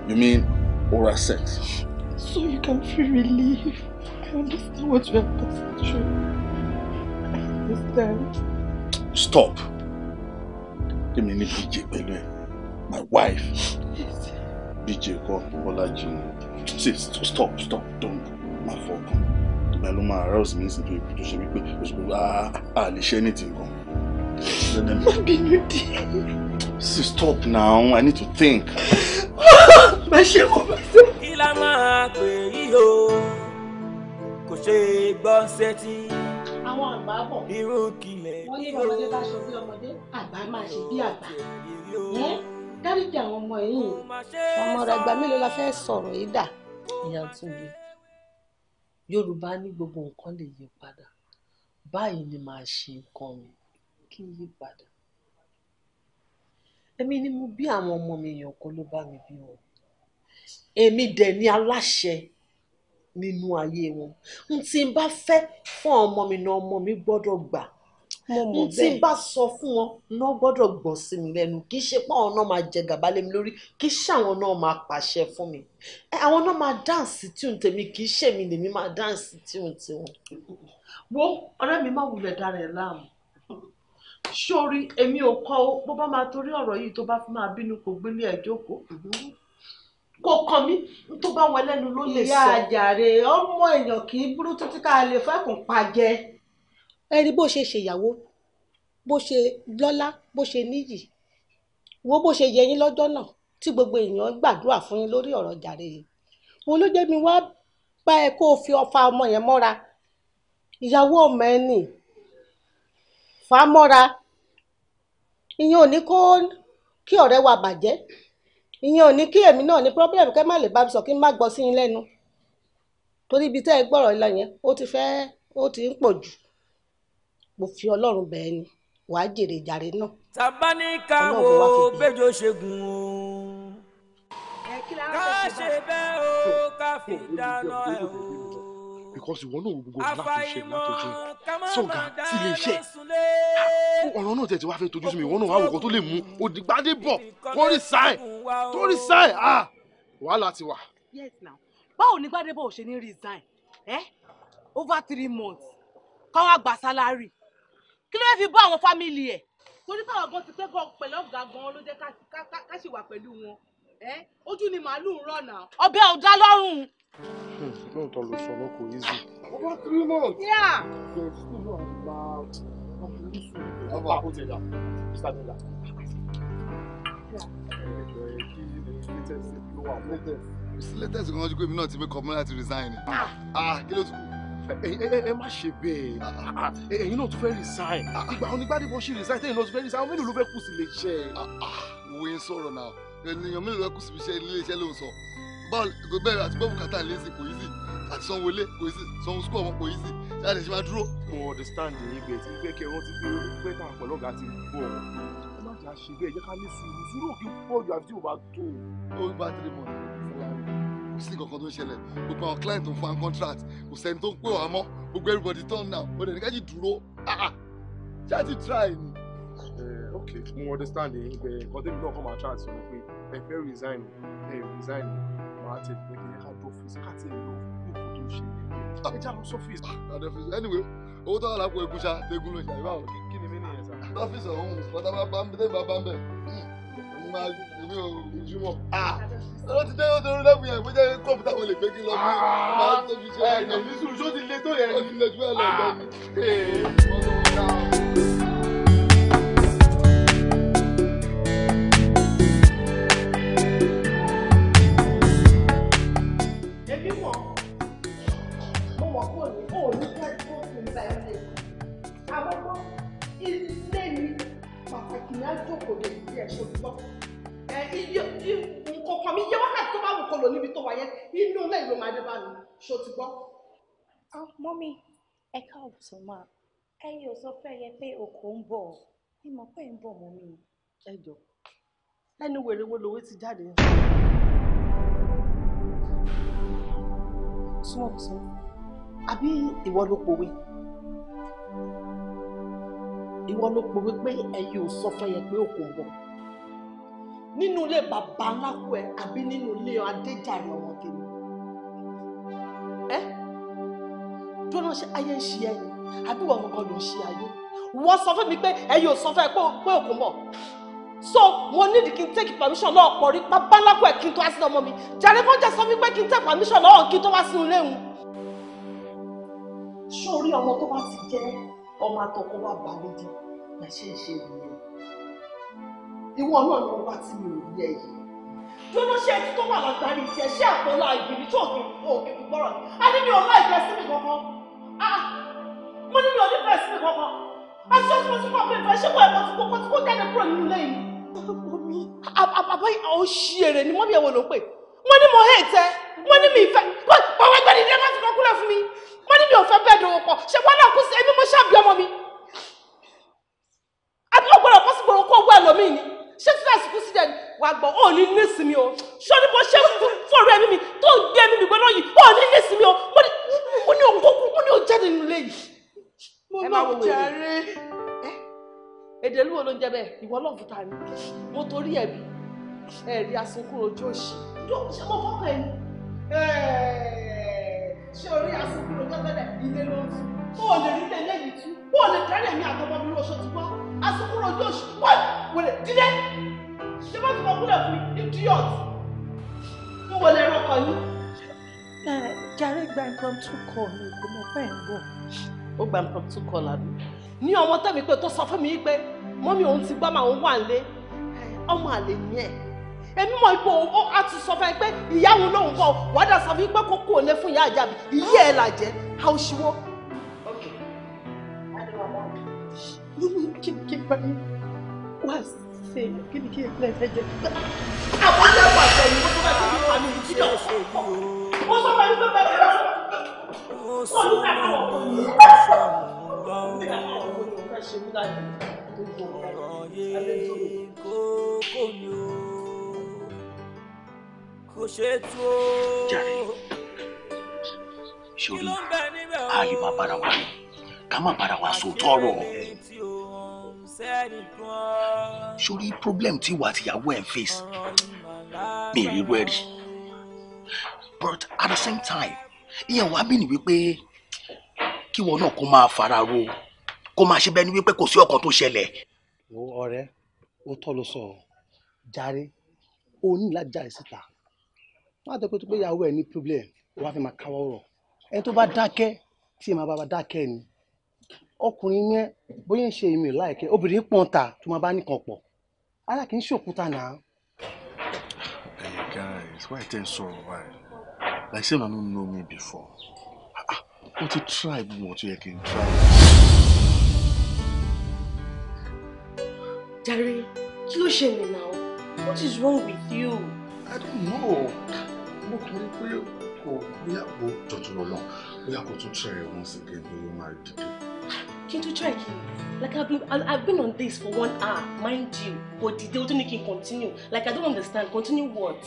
Speaker 3: you mean oral sex?
Speaker 2: So you can feel relief. I understand what you are passing through. I understand.
Speaker 3: Stop. Èmi ni BJ pẹ̀lú ẹ̀. My wife. Yes. BJ kọ́ Bọ́lájí ni. stop, stop, don't. My fọkàn. My ló máa arouse mi nísìnyí tó ibi tó ṣe wípé òṣèlú ah, a lè ṣe anything gan. Má
Speaker 1: bínú dé.
Speaker 3: stop now. I need to think.
Speaker 1: Má ṣe wọ́n bá ṣe gbọ́ sétí. àwọn àgbà bọ̀ irú kílẹ̀ wọ́n ní
Speaker 2: ọmọdé bá sọ bí ọmọdé àgbà máa ṣe bí àgbà dáríjì àwọn ọmọ yìí
Speaker 1: ọmọ rẹ gba mélòó la fẹ́ sọ̀rọ̀ yìí
Speaker 2: dà. ìyá túnde yorùbá ní gbogbo nǹkan lè yí padà báyìí ni màá ṣe nǹkan mi kí n yí padà. èmi ni mo bí àwọn ọmọ mi èèyàn kan ló bá mi bí wọn èmi dẹ̀ ni aláṣẹ nínú ayé wọn n tí n bá fẹ́ fún ọmọ mi náà ọmọ mi gbọ́dọ̀ gbà mo tí n bá sọ fún wọn náà gbọ́dọ̀ gbọ́ sí mi lẹ́nu kì í ṣe pé àwọn náà máa jẹ gàba lé mi lórí kì í ṣe àwọn náà máa pàṣẹ fún mi àwọn náà máa dáǹsì tíun tèmi kì í ṣèmi lèmi máa dáǹsì tíun tiwọn. wo ọ̀rẹ́ mi má wulẹ̀ dára ẹ̀ láàmú sórí èmi ò kọ́ bó bá máa torí ọ̀rọ̀ yìí tó bá fi máa bínú kò gbélé ẹ̀ jókòó. Mm-hmm kò kàn mí tó bá wọn lẹ́nu ló lè sọ. ìyá àjàre ọmọ èèyàn kì í burú títí ká lè fẹ́kùn pàjẹ́. ẹ rí bó ṣe ṣèyàwó bó ṣe lọ́lá bó ṣe níyì wo bó ṣe yẹ yín lọ́jọ́ náà tí gbogbo èèyàn gbàdúrà fún yín lórí ọ̀rọ̀ jàre yìí òun ló jẹ́ mi wá bá ẹ kó o fi ọfà ọmọ yẹn mọ́ra ìyàwó ọmọ ẹ nì fà mọ́ra ìyẹn ò ní kó kí ọ̀rẹ́ wa bàjẹ́ ìyẹn ò ní kí èmi náà ní problem kẹ́ má lè bá mi sọ kí n má gbọ́ sí yín lẹ́nu torí ibi tẹ́ ẹ gbọ́rọ̀ lọ yẹn ó ti fẹ́ ó ti ń pọ̀ jù mo fi ọlọ́run bẹ́ẹ̀ ni wàá jèrè ìjàre náà.
Speaker 1: tàbá ní ká wo
Speaker 2: bẹ́jọ́ ṣẹ́gun
Speaker 1: o ká ṣe bẹ́ẹ̀ o ká fi dáná ẹ̀
Speaker 5: o because ìwọ náà gbogbo ọ̀la tó ṣe látọjú sọ̀gá sí ilé iṣẹ́ ah, ọ̀rọ̀ náà tẹ̀ tí wàá fẹ́ tojú sí mi ìwọ náà wàá wọ̀kọ́ tó lè mú òdìgbàdé bọ̀ kó resign tó resign ah wàhálà ti wà.
Speaker 2: yes now báwo ni Gbádébọ̀ ò ṣe ní resign eh? over three months kọ́ wá gba salary kí ló fẹ́ fi bọ́ àwọn fámìlì ẹ̀ torí káwọn gan ti pẹ́ gan pẹ̀lú ọ̀gá gan ló jẹ́ ká ṣì wà pẹ̀lú wọn eh? ojú ni màálù ń rọ̀ náà ọbẹ̀ ò dá lọ́rùn
Speaker 5: lóòótọ́ ló sọ ló kò easy.
Speaker 2: over three months. yeah. the school náà gba ọkùnrin
Speaker 5: sùn ọba àkójẹjà mr nila. latest gan-an ojú pé èmi náà ti make up money láti resign. Ah. ah kí ló tún ẹ má ṣe bẹ́ẹ̀ ah, ah. ẹ̀yin náà tún fẹ́ resign ìgbà àwọn onígbàdì bọ́ ṣì resign tẹ́yìn náà tún fẹ́ resign àwọn mélòó ló fẹ́ kù sí ilé iṣẹ́. wo yín sọ̀rọ̀ náà ènìyàn mélòó ló fẹ́ kù sí ilé iṣẹ́ ló ń sọ bọ́ọ̀lù kò bẹ́ẹ̀ àti gbọ́ bùkátà lé sí kò yí sí àti sanwó lé kò yí sí sanwó sukú ọmọ kò yí sí ṣáà ṣe máa dúró. mo understand yín bẹ́ẹ̀ tí pé kí ẹ rántí pé pé tá à ń pọ̀ lọ́gàá ti bọ̀ ọ́ ẹ má jà ṣe bẹ́ẹ̀ jẹ́ ká ní sùúrù sùúrù kí pọ̀ ju tí o bá tó. ó bá tiri mọ̀ kò sí kankan tó ń ṣẹlẹ̀ gbogbo àwọn client tó ń fa contract kò sẹ́ni tó ń pè wá mọ́ gbogbo everybody turn now ó dẹ̀ ní ká jì dúró ah, ah. ṣáà ti try ni eh, okay mo understand yín bẹ́ẹ̀ nǹkan tẹ́mi náà kọ́ máa ṣáàtì wọn pé ẹ fẹ́ resign ẹ resign àti ẹ̀dùn pé kí ẹ ká dúró fèsì ká tiẹ̀ lọ tó ṣe tàbí já lọ sọ́fíìsì. àdé ah, fèsì anyway owó tó wà lápò egusa tegun ló ṣe àyè báwo. kí ni mí nìyẹn sá. lọ́fíìsì ọ̀hún bàtà bá bá ń bẹ́ẹ̀ bá bá ń bẹ́ẹ̀ hmm, máa èmi ò ìjùmọ̀. ọ̀rọ̀ ah, ti jẹ́ ọdún orí lẹ́kùn yẹn kó jẹ́ kọ̀ǹpútà wọn lè gbé kí lọ mú máa tóbi ṣe é. ẹ̀ẹ́dẹ̀ mi sùn ṣó ti le tó yẹn. ó ti le jù ẹ̀ lọ́dọ̀ ah.
Speaker 6: fẹ́ yẹ pé
Speaker 2: okò ń bọ̀ ẹ mọ̀ pé ń bọ̀ mọ́ mi. ẹ jọ ẹnu wèrè wo lowó ti jáde. súnmọ́ kò sún àbí ìwọ ló pòwe ìwọ ló pòwe pé ẹ̀yin ò sọ fún yẹn pé okò ń bọ̀ nínú ilé bàbá aláko ẹ àbí nínú ilé adéjàre ọmọ tèmi ẹ tó náà ṣe ayé ń ṣe ẹ̀yìn àbí wọn gangan ló ń ṣe ayé wọ́n sọ fún mi pé ẹ yóò sọ fún ẹ pé òkú mọ̀ so mo need kí n take permission lọ́wọ́ pọ̀rí pábálákù ẹ̀ kí n tó wá sí ọmọ mi jàre fún jẹ́ sọ fún mi pé kí n take permission lọ́wọ́ kí n tó wá sí ilé wọn. sórí ọmọ tó bá ti jẹ́ ọmọ àtọkọ wa bá méjì la ṣe ń ṣe ìyẹn ìwọ náà ni wọn bá ti mi ò rí ẹ yìí dúró ṣe ẹtí tó wà lágbárí ìṣẹ́ ṣé àpọ́nlá tó òkè òkè gbọ́rọ̀ ni a ní mi ò láì jẹ́ síbi ó ní mi ò ní bẹ̀rẹ̀ sí mi kankan àti ọtí mo ti kọ́ pé ìfẹ́ ṣé kò ẹ̀kọ́ ti kó kó ti kó jáde kúrò nínú ilé yìí. mọ́mí àbá òṣì èrè ni mọ́mí ẹ̀wọ̀n ló pè wọ́n ní mo hẹ́ ìtẹ́ wọ́n ní mi ìfẹ́ pàwọ́ ẹgbẹ́ nìyẹn má ti kọ́ kúlẹ̀ fún mi wọ́n ní mi ò fẹ́ bẹ́ẹ̀ dòwò pọ̀ ṣé wọ́n náà kú sí ẹbí mo ṣàbí ọmọ mi. àbí ọgbọ́dọ̀ kó sì gbọ́dọ̀ kó owó ẹlòmíì ni ṣé tí láti kú sílẹ̀ wà gbọ́ ò ní nísìmí o ṣé ní bó ṣe fọ̀rọ̀ ẹ̀mí mi tó ń gbé ẹ̀mí mi gbọ́dọ̀ yìí ò ní nísìmí o mo ní òǹkókù mo ní òjẹ́ nínú ilé yìí ẹ máa wo wèrè èdè lúwo ló ń jẹ bẹ́ẹ̀ ìwọ lọ́ọ̀fù ta ni mo torí ẹ̀ bí ẹ̀ rí asunkún ojú òṣì. ṣé mo fọ́kàn ẹ̀yìn ṣé orí asunkún ojú ọ̀tẹ̀lẹ̀ ilé ló ń tú kó o lè rí ilé lẹ́yìn tú kó o lè tẹ́lẹ̀ mi àtọmọ́ mi lóṣù tí wọ́n asunkún ojú òṣì wọ́n wọlé dídé ṣé wọ́n ti mọ kúlẹ̀ fún idiot ń wọlé ẹ̀rọ kan yín.
Speaker 7: jàre gba nǹkan
Speaker 2: tún kọ mi kò mọ̀ ó gba nǹkan tó kọ làbí ní ọmọ tẹ̀mí pé tó sọ fún mi pé mọ́mí òun ti gbọ́ mà òun wà lé ọmọ àlè ni ẹ̀ èmi mọ̀ ipò ó a ti sọ fún ẹ pé ìyá òun lòun kọ wàdà sọ fún mi pé kó kú òlé fún ìyá àjàbí ìyá ẹ̀ làjẹ́ àwòṣìwọ́. Lumi kí ni kí n bá yín wá ṣe èèyàn kí ni kí n bá ẹ̀jẹ̀ jẹ. Àwọn ọ̀dọ́ wà sẹ́yìn wọ́n tó bá ti fi fa mi ìdílé ọ̀sán. Wọ́n sọ fún mi pé bẹ́ẹ̀ bẹ́ẹ̀
Speaker 1: bá sọ olùkọ́ àwọn ọkọ mi nígbà tí àwọn ọkọ mi sori a lè má bára wa ká má bára wa sòótọ́ ọ̀rọ̀
Speaker 3: sori problem tí wà ti yàwó ẹ̀ face mi rí rú but at the same time ìyẹn wàá bìnní wípé kí wọn náà kó máa fara ro kó máa ṣe bẹ́ẹ̀ ni wípé kò sí ọ̀kan tó ṣẹlẹ̀. wo ọ̀rẹ́ ó tọ́ ló sọ jàre
Speaker 2: ó ní láti jàre síta wọn á dẹ́kun tó pé ìyàwó ẹ̀ ní problem wọn á fi máa káwọ́ rọ̀ ẹni tó bá dákẹ́ tí èèmọ̀ bá dákẹ́ ni ọkùnrin yẹn bóyá ń ṣe èmi
Speaker 5: láìkẹ́ obìnrin pọ̀n ta tó máa bá nìkan pọ̀ ara kì í ṣòkúta náà.
Speaker 3: ẹ̀yin guys why ten sọ̀rọ̀ báyìí like say una no know me before ah, ah o ti try bí mo tún yẹ kí try.
Speaker 2: Jare kí ló ṣe mí what is wrong with you.
Speaker 3: I don't know
Speaker 2: mo kàn ń pé
Speaker 5: kò bóyá kò jọjọrọ náà
Speaker 3: bóyá kò tún try once again to máa married kí
Speaker 2: Can you try again? like I've been I've been on this for one hour mind you but the ó tún ní continue like I don't understand continue what.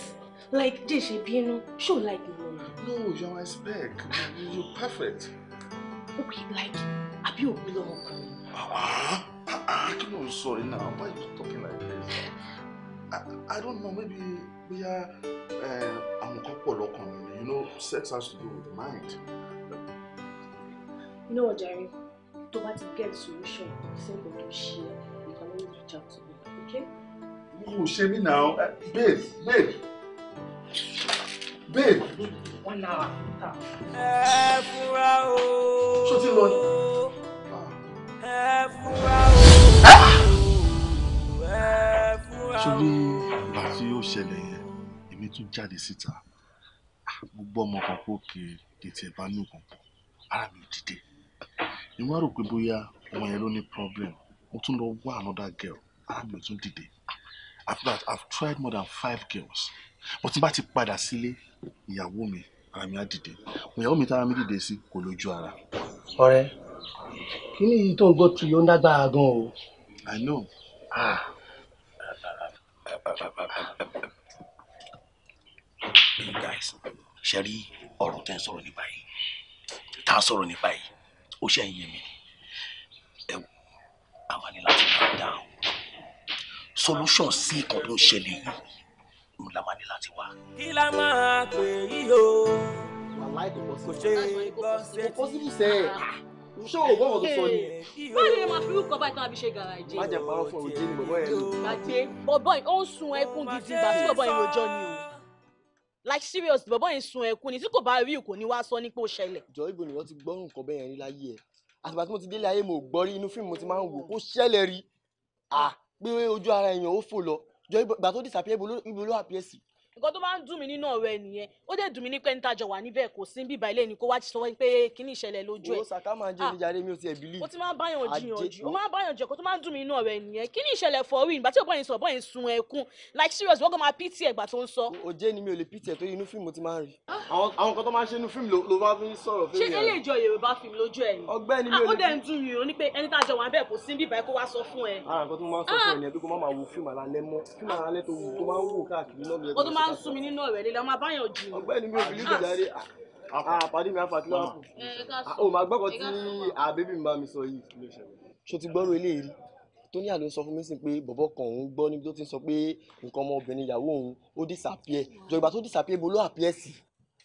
Speaker 2: Like this, you know, Show like me. No, you're my spec.
Speaker 3: You're perfect.
Speaker 2: Okay, like, àbí o bí lọ́kùnrin. Ah,
Speaker 3: ah, ah, kí ló ń sọ Why are you talking like this? I, I don't know, maybe bóyá eh, àmùkọ́ pọ̀ lọ́kùnrin ni. You know, sex has to do with the mind.
Speaker 6: You know what, Jerry? To what you get solution, ṣé kò share. You can always reach out to me, okay?
Speaker 3: Mo ṣe mí náà. Eh, babe, babe babe.
Speaker 2: one hour. ẹ fura
Speaker 3: o. ṣó ti lọ ni. ẹ fura o. ẹ fura o. sórí ìgbà tí ó ṣẹlẹ̀ yẹn èmi tún jáde síta ah, gbogbo ọmọ kan kó ke tètè bá ní òkun pọ̀ ara mi dìde ìwọ rò pé bóyá ọmọ yẹn ló ní problem mo tún lọ wá another girl ara mi ò tún dìde after that I've tried more than five girls mo ti bá ti padà sílé ìyàwó mi ara mi á dìde ìyàwó mi tára mi dìde sí kò lójú ara. ọ̀rẹ́ kí ni èyí tó ń gbọ́ tu yóò ń dágbára gan o. i know. Ah. you guys ṣe rí ọ̀rọ̀ tẹ́ ń sọ̀rọ̀ nípa yìí
Speaker 2: tá a sọ̀rọ̀ nípa yìí ó ṣe ń yé mi ẹ wò àwa ni láti máa dáhùn solution sí ìkan tó ń ṣẹlẹ̀ yìí
Speaker 1: òun la máa ní láti wá. kí la máa pè yí o. kò ṣe
Speaker 2: gbọ́ sí
Speaker 5: kò ṣé o gbọ́ sọ ni.
Speaker 2: báyìí ni màá fi rúkọ báyìí tán àbí ṣe gàrà ìjẹ. má jẹ
Speaker 5: parọ́ fún òjé ni bọ̀bọ̀ yẹn.
Speaker 2: gbàgbé bọ̀bọ̀ yìí ó ń sun ẹkún gidi ìgbà bọ̀bọ̀ yìí lójọ́ ni
Speaker 5: o like serious bọ̀bọ̀ yìí sun ẹkún ni tí kò bá rí ìkò ní wá sọ ní pé ó ṣẹlẹ̀. jọ ibo nìyọ ti gbọ́rùn nǹkan bẹ́ẹ̀ yẹn rí láyé ẹ̀ àtìgbà tí mo ti délé ayé mo gbọ́ rí inú fíìmù mo ti máa ń wò kó ṣẹlẹ̀ rí à ah, pé ojú ara èèyàn ó fò lọ jọ ìgbà tó disappear ibo ló ibo ló appear
Speaker 2: nǹkan tó máa ń dùn mí nínú ọ̀rọ̀ ẹ nìyẹn ó dẹ̀ dùn mí ní pé níta jọ wà níbẹ̀ kò sí bíbá ilé ni kó wá sọ pé kíní ìṣẹ̀lẹ̀ lójú ẹ̀. o sàkà máa ń jẹ́ níjàre ah, mi ò tiẹ̀ bìlì. o ti máa ń báyàn jiyànjú o máa ń báyàn jẹ kó tó máa ń dùn mí nínú ọ̀rọ̀ ẹ nìyẹn kíní ìṣẹ̀lẹ̀ for real ìgbà tí ọ̀bọ̀n yẹn sọ ọ̀bọ̀n yẹn sun ẹkún like serious wọ́n kàn máa pity ẹ̀gbà
Speaker 5: tó ń sọ. o jẹ́ ni mi ò lè pity ẹ̀ tó inú fíìmù ti máa ń rí. Ah. àwọn kan tó máa ń ṣe inú fíìmù ló bá fi ń sọ̀rọ̀ fún mi. ṣé ilé ìjọ yorùbá fíìmù lójú ẹ̀ ni. ọgbẹ́ni mi ò ah, lè. àkódẹ̀ ń
Speaker 2: dùn yìí ó ní pé ẹni tá a jọ wà bẹ́ẹ̀ kò sí bíbá ẹ kó wá sọ fún ẹ.
Speaker 5: ara nǹkan tó máa ń sọ fún ẹ nìyẹn pé kó má máa wo fíìmù àlálẹ́ mọ́ fíìmù àlálẹ́ tó máa ń wò káàkiri lọ́ọ̀lù ń sún
Speaker 2: mi nínú ọ̀rẹ́ lílọ ọmọ abáyàn jù. ọ̀gbẹ́ni mi ò fi lílo
Speaker 5: jáde àpàdé mi àfàkìlọ eh,
Speaker 7: ah,
Speaker 2: àpò o máa gbọ́kọ̀ eh, tí
Speaker 5: àbẹ́bí ah, mi bá mi sọ yìí. ṣó ti gbọ́rọ̀ eléyìí tóní àlọ́ sọ fún mi sí pé bọ̀bọ̀ kan òun gbọ́ níbi tó ti sọ pé nǹkan ọmọbìnrin ìyàwó òun ó disappear jọ ìgbà tó disappear bo ló appear sí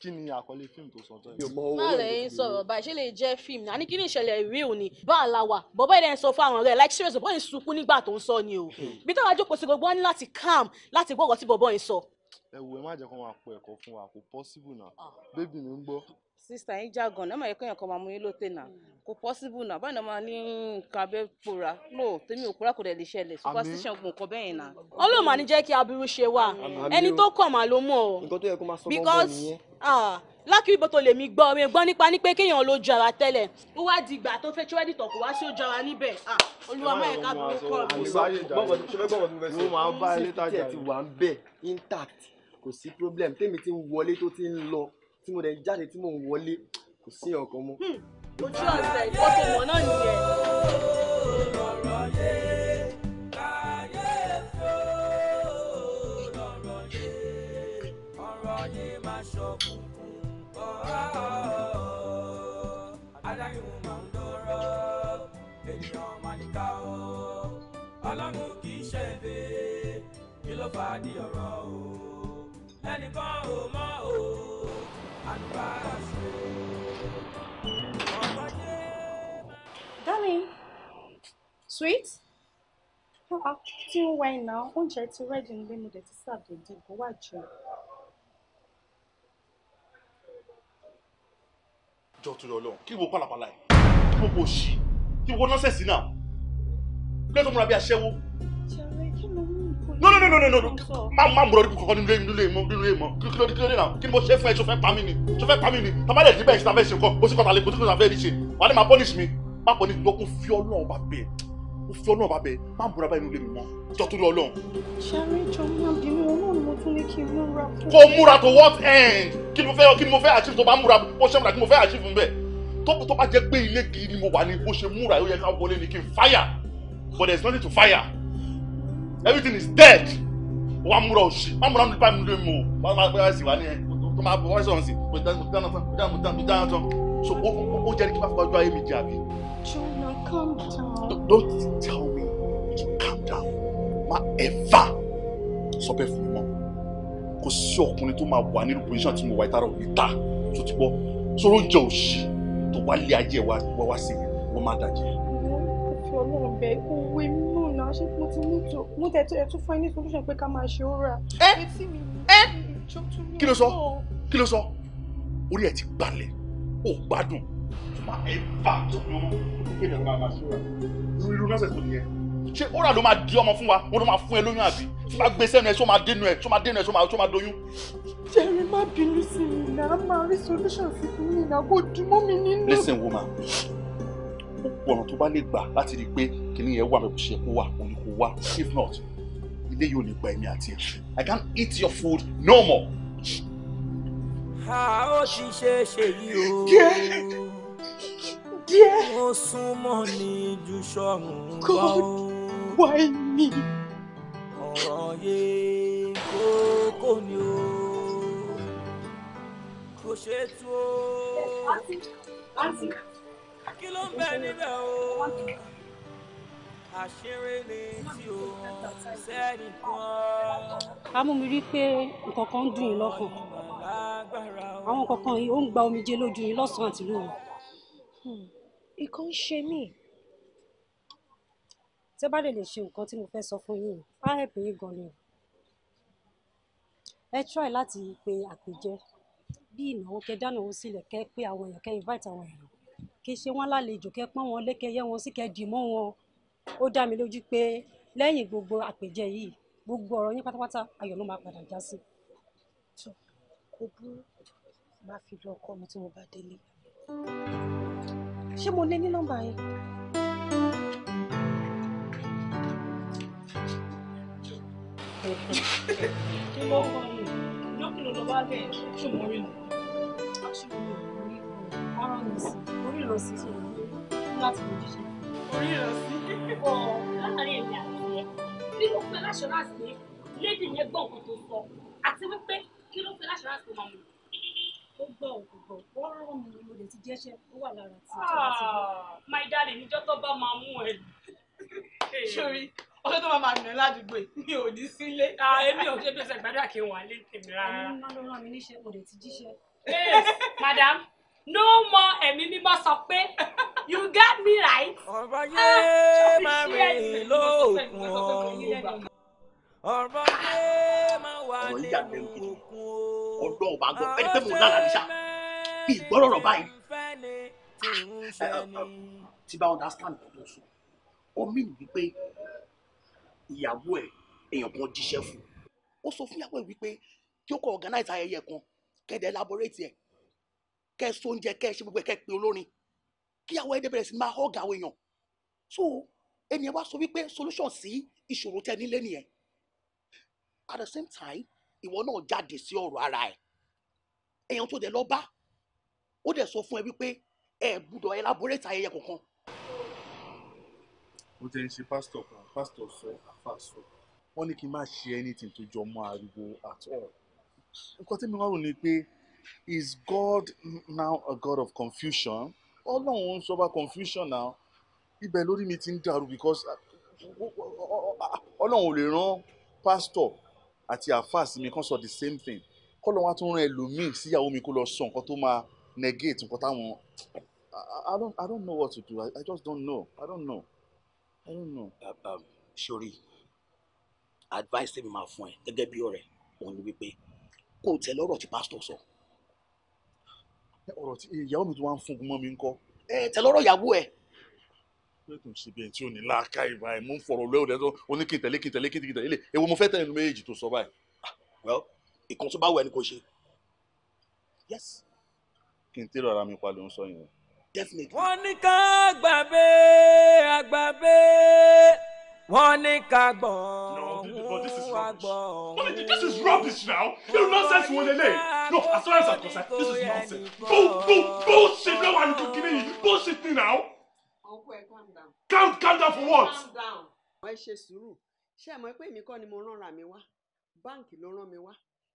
Speaker 5: kí ni àkọlé fíìmù tó sọ tẹ́lẹ̀. má lè ń sọ̀rọ̀
Speaker 2: báyìí ṣé lè jẹ́ fíìmù náà ní kí ni ìṣẹ̀lẹ̀ real ni bá a la wà bọ́bá ẹ̀dẹ̀ sọ fún àwọn ọ̀rẹ́ like serious bọ́ọ̀ ń nígbà tó ń sọ ni o hmm. bí táwọn ajókòó sí gbogbo wọn ní láti calm láti gbọ́
Speaker 5: ẹ má jẹ́ kó máa pọ̀ ẹ̀kọ́ fún wa kò possible náà ah. bébì mi ń gbọ́.
Speaker 2: sista yín jágan náà ẹ má yẹ kéèyàn kan máa mú yín náà kò possible náà báyìí náà máa ní nǹkan abẹ́ pòórá no tèmi ò pòórá kò dẹ̀ lè ṣẹlẹ̀ kọ bẹ́ẹ̀ náà. ọlọ́run jẹ́ kí aburú ṣe ẹni o lákìrìbó tó lè mi gbọ́ orin gbọ́ nípa ní pé kéèyàn lójú ara tẹ́lẹ̀ ó wá di ìgbà tó fẹ́ tí wẹ́dì tọ̀kù wá sí ojú ara níbẹ̀ olúwa má yẹ ká burú kọ́
Speaker 5: ọ kò sí problem tèmi ti ń wọlé tó ti ń lọ tí mo dẹ̀ ń jáde tí mo ń wọlé kò sí ọkàn mọ́. Hmm,
Speaker 1: ojú ọ̀sẹ̀ ìfọ́tò mọ̀ náà nìyẹn. ló fà á di ọ̀rọ̀ o lẹ́nìkan ò mọ̀ o àlùbáṣe.
Speaker 4: darling sweet a ti ń wá iná oúnjẹ ti rẹ́dì ń gbé mi dẹ̀ ti sáàbì ìdìbò wà
Speaker 3: jù. jọ torí Ọlọ́run kí gbogbo pàlàpàlà ẹ kí gbogbo òṣì kí gbogbo nọ́sẹ̀sì náà lẹ́tọ̀ọ́ múra bí aṣẹ́wó no no no no no no má má mú lórí kọ̀ọ̀kan nínú nínú èèmọ̀ nínú èèmọ̀ kí ló dé kí ló dé náà kí ni mo ṣe fún ẹ sọfẹ́ pa mí ni sọfẹ́ pa mí ni tàbá dẹ̀ síbẹ̀ ìsìnà fẹ́ẹ́ ṣe kọ́ bó sì kọ́ta lè kó tí kò sàfẹ́ rí ṣe wà á ní máa pọ́nìṣì mi má pọ́nìṣì mi kó fi ọlọ́run bá bẹ́ẹ̀ kó fi ọlọ́run bá bẹ́ẹ̀ má múra bá inú ilé mi mọ́ jọ torí ọlọ́run. sáré
Speaker 2: jọ máa bínú ọlọ́run mo tún ní kí
Speaker 7: n múra fún.
Speaker 2: kó múra to
Speaker 3: what end kí ni mo fẹ́ kí ni mo fẹ́ àṣìf tó bá múra bó ṣe múra kí ni mo fẹ́ àṣìf bẹ́ẹ̀ tó bá jẹ́ pé ilé gidi ni mo wà ní bó ṣe múra ó yẹ ká wọlé ni kí n fire but there is nothing to fire everything is dead wàá múra òsì wàá múra nípa mi lóye mu o wàá máa bẹ́ẹ̀ sì wá ní ẹ tó máa bọ̀ wáyé sọ̀rọ̀ sí kò dáná tán kò dáná tán kò dáná tán so ó ó jẹ́ kí n bá fọwọ́ ju ayé mi jẹ́ àbí. don't tell me to calm down má ẹ̀fà sọ bẹ́ẹ̀ fún mi mọ́ kò sí ọkùnrin tó máa wà nínú position tí mo wà ìtara òní ta tó ti bọ́ sọ̀rọ̀ oúnjẹ òsì tó wá lé wa wá sí i wọ́n má dàjẹ́.
Speaker 6: ọlọ́run bẹ́ẹ̀ kó
Speaker 2: wé mi náà ṣé mo ti ní tò mo tẹ̀ tẹ̀ tún fún ẹ ní solution pé ká máa ṣe oral. ẹ ẹ
Speaker 3: kí ló sọ kí ló sọ orí ẹ ti gbalẹ̀ ó gbádùn tó máa ẹ bá tó lọ kí ẹ máa máa ṣe oral irú irú náà ṣẹ̀ṣẹ̀ nìyẹn ṣé oral ló máa di ọmọ fún wa wọn ló máa fún ẹ lóyún àbí tí bá gbé e sẹ́nu ẹ tó máa dénú ẹ tó máa dénú ẹ tó máa doyún.
Speaker 2: jerry má bínú sí mi náà máa rí solution sí mi náà kó dùn
Speaker 3: mọ́ mi nínú. listen woman gbogbo ọ̀nà tó bá lè gbà láti rí i pé kìnìún yẹn wà mẹ́kù ṣe kó wà òun kò wà if not ilé yóò ní gba ẹ̀mí àti ẹ̀ I can't eat your food no more.
Speaker 1: a ó ti ṣe é ṣe yìí o díẹ̀ ó súnmọ́ ní ju sọ́run lọ o why me. ọ̀rọ̀ yẹ kókó ni o kò ṣe tó. àǹtí àǹtí kí ló ń bẹ níbẹ̀ o àṣírí ni tí o sẹ́ni kan.
Speaker 2: amú mi rí i pé nǹkan kan ń dùn yín lọ́kàn àwọn nǹkan kan yìí ó ń gba omijé lójú yín lọ́sàn-án àti
Speaker 6: lóru. ikọ́ hmm. ń ṣe mí tẹ́ bá lè lè ṣe nǹkan tí mo fẹ́ sọ fún yín á ẹ̀pẹ̀ yín gan ni ẹ try láti pe àpèjẹ bí ìnáwó kẹ dáná owó sílẹ̀ kẹ pé àwọn èèyàn kẹ
Speaker 4: invite àwọn èèyàn kì í ṣe wọ́n lálejò kẹ́ pọ́n wọn lékè yẹ wọn sí kẹ́ dì mọ́ wọn ó dá mi lójú pé lẹ́yìn gbogbo àpèjẹ yìí gbogbo ọ̀rọ̀ yín pátápátá ayọ̀ ló máa padà já sí.
Speaker 2: kò burú máa fi lọ ọkọ mi tí mo bá
Speaker 4: délé ṣé mo lé ní nọ́mbà yẹn.
Speaker 7: kí ló ń bọ̀
Speaker 2: nù lọ́kùnrin ló bá bẹ̀rẹ̀ ṣùgbọ́n rí ni ọ̀rọ̀ ah, my darling níjọ́ tó bá máa mú ẹ. sori ọjọ́ tó máa máa nà ládùúgbò mi ò ní sílé. Ah, èmi ò ṣe bí ẹsẹ̀ gbàdúrà kí n wà lé tèmi rárá. ẹni máa ló rán mi níṣẹ́ mo madam no more ẹ̀mí mímọ́ sọ pé you get me right. ọ̀rọ̀ yé ah, máa rìn
Speaker 1: lóòkùn ọ̀rọ̀ ọ̀rọ̀ yé máa wà nínú
Speaker 3: òkun ọ̀rọ̀ ọ̀bà gbọ́ ẹni pé mo ń lára níṣà bí ìgbọ́rọ̀ ọ̀rọ̀ báyìí
Speaker 2: tí bá understand kò tó sùn
Speaker 3: ó mìn wípé
Speaker 5: ìyàwó ẹ̀ èèyàn kan jíṣẹ́ fún
Speaker 2: ó sọ fún ìyàwó ẹ̀ wípé kí ó kọ organize ayẹyẹ kan kẹ́dẹ̀ elaborate ẹ̀ kẹ́ so oúnjẹ kẹ́ ṣe gbogbo ẹ kẹ́ pe olórin kí àwọn ẹdẹ bẹ̀rẹ̀ sí máa hug àwọn èèyàn so ẹnìyẹn wá sọ wípé solution sí ìṣòro tẹ nílé nìyẹn at the same time ìwọ náà jáde sí ọ̀rọ̀ ara ẹ̀ èèyàn tó dẹ̀ lọ bá ó dẹ̀ sọ fún ẹ wípé
Speaker 5: ẹ gbúdọ̀ elaborate ayẹyẹ kankan.
Speaker 3: mo ti ń ṣe pásítọ̀ kan pásítọ̀ sọ àfa sọ wọ́n ní kí n má ṣe anything tó jọ mọ́ ariwo at all nǹkan tí mi wá rò ni pé. Is God now a God of confusion? Ọlọ́run ń sọ́ba confusion now. Ibẹ̀ lórí mi ti ń dàrú because Ọlọ́run ò lè rán pastor àti àfáà sí mi kan sọ the same thing. Kọ́lọ́run á tún rán ẹlòmíì síyàwó mi kó lọ sọ nǹkan tó máa negate nǹkan táwọn. I don't I don't know what to do. I, I just don't know. I don't know. I don't know.
Speaker 2: um, um sori advice tèmi máa fún ẹ gẹ́gẹ́ bí ọ̀rẹ́ òun ni wípé
Speaker 3: kó o tẹ lọ́rọ̀ tí pastor sọ. So ọ̀rọ̀ tí ìyàwó mi tó wá ń fún un mọ́ mi ń kọ́ ẹ tẹ̀lọ́rọ̀ ìyàwó ẹ̀. pé kò ṣe bẹ́ẹ̀ tí ò ní láàká ìbá ẹ̀ mú ń fọ̀rọ̀ lẹ́wọ̀n lẹ́tọ́ oníkìntẹ̀lé kìntẹ̀lé kìntẹ̀lé èwo mo fẹ́ tẹ̀lé méjì tó sọ báyìí. Ah, well ìkan tó bá wù ẹ́ ni yes. kí n tẹ́lọ̀ ara mi pa ló ń
Speaker 1: definitely wọ́n ní ká gbọ́ òun wá gbọ́ this is rubbish now. You nonsense wo lele. No, as far as I'm concerned, this is nonsense. Bull, bull, bullshit. No
Speaker 3: one could give me bullshit me now. Uncle, calm down. Calm, calm down for what? Calm
Speaker 2: down. Ẹ ṣe sùúrù. Ṣé ẹ mọ̀ pé èmi kọ́ ni mo rán ra mi wá? Báǹkì ló rán mi wá.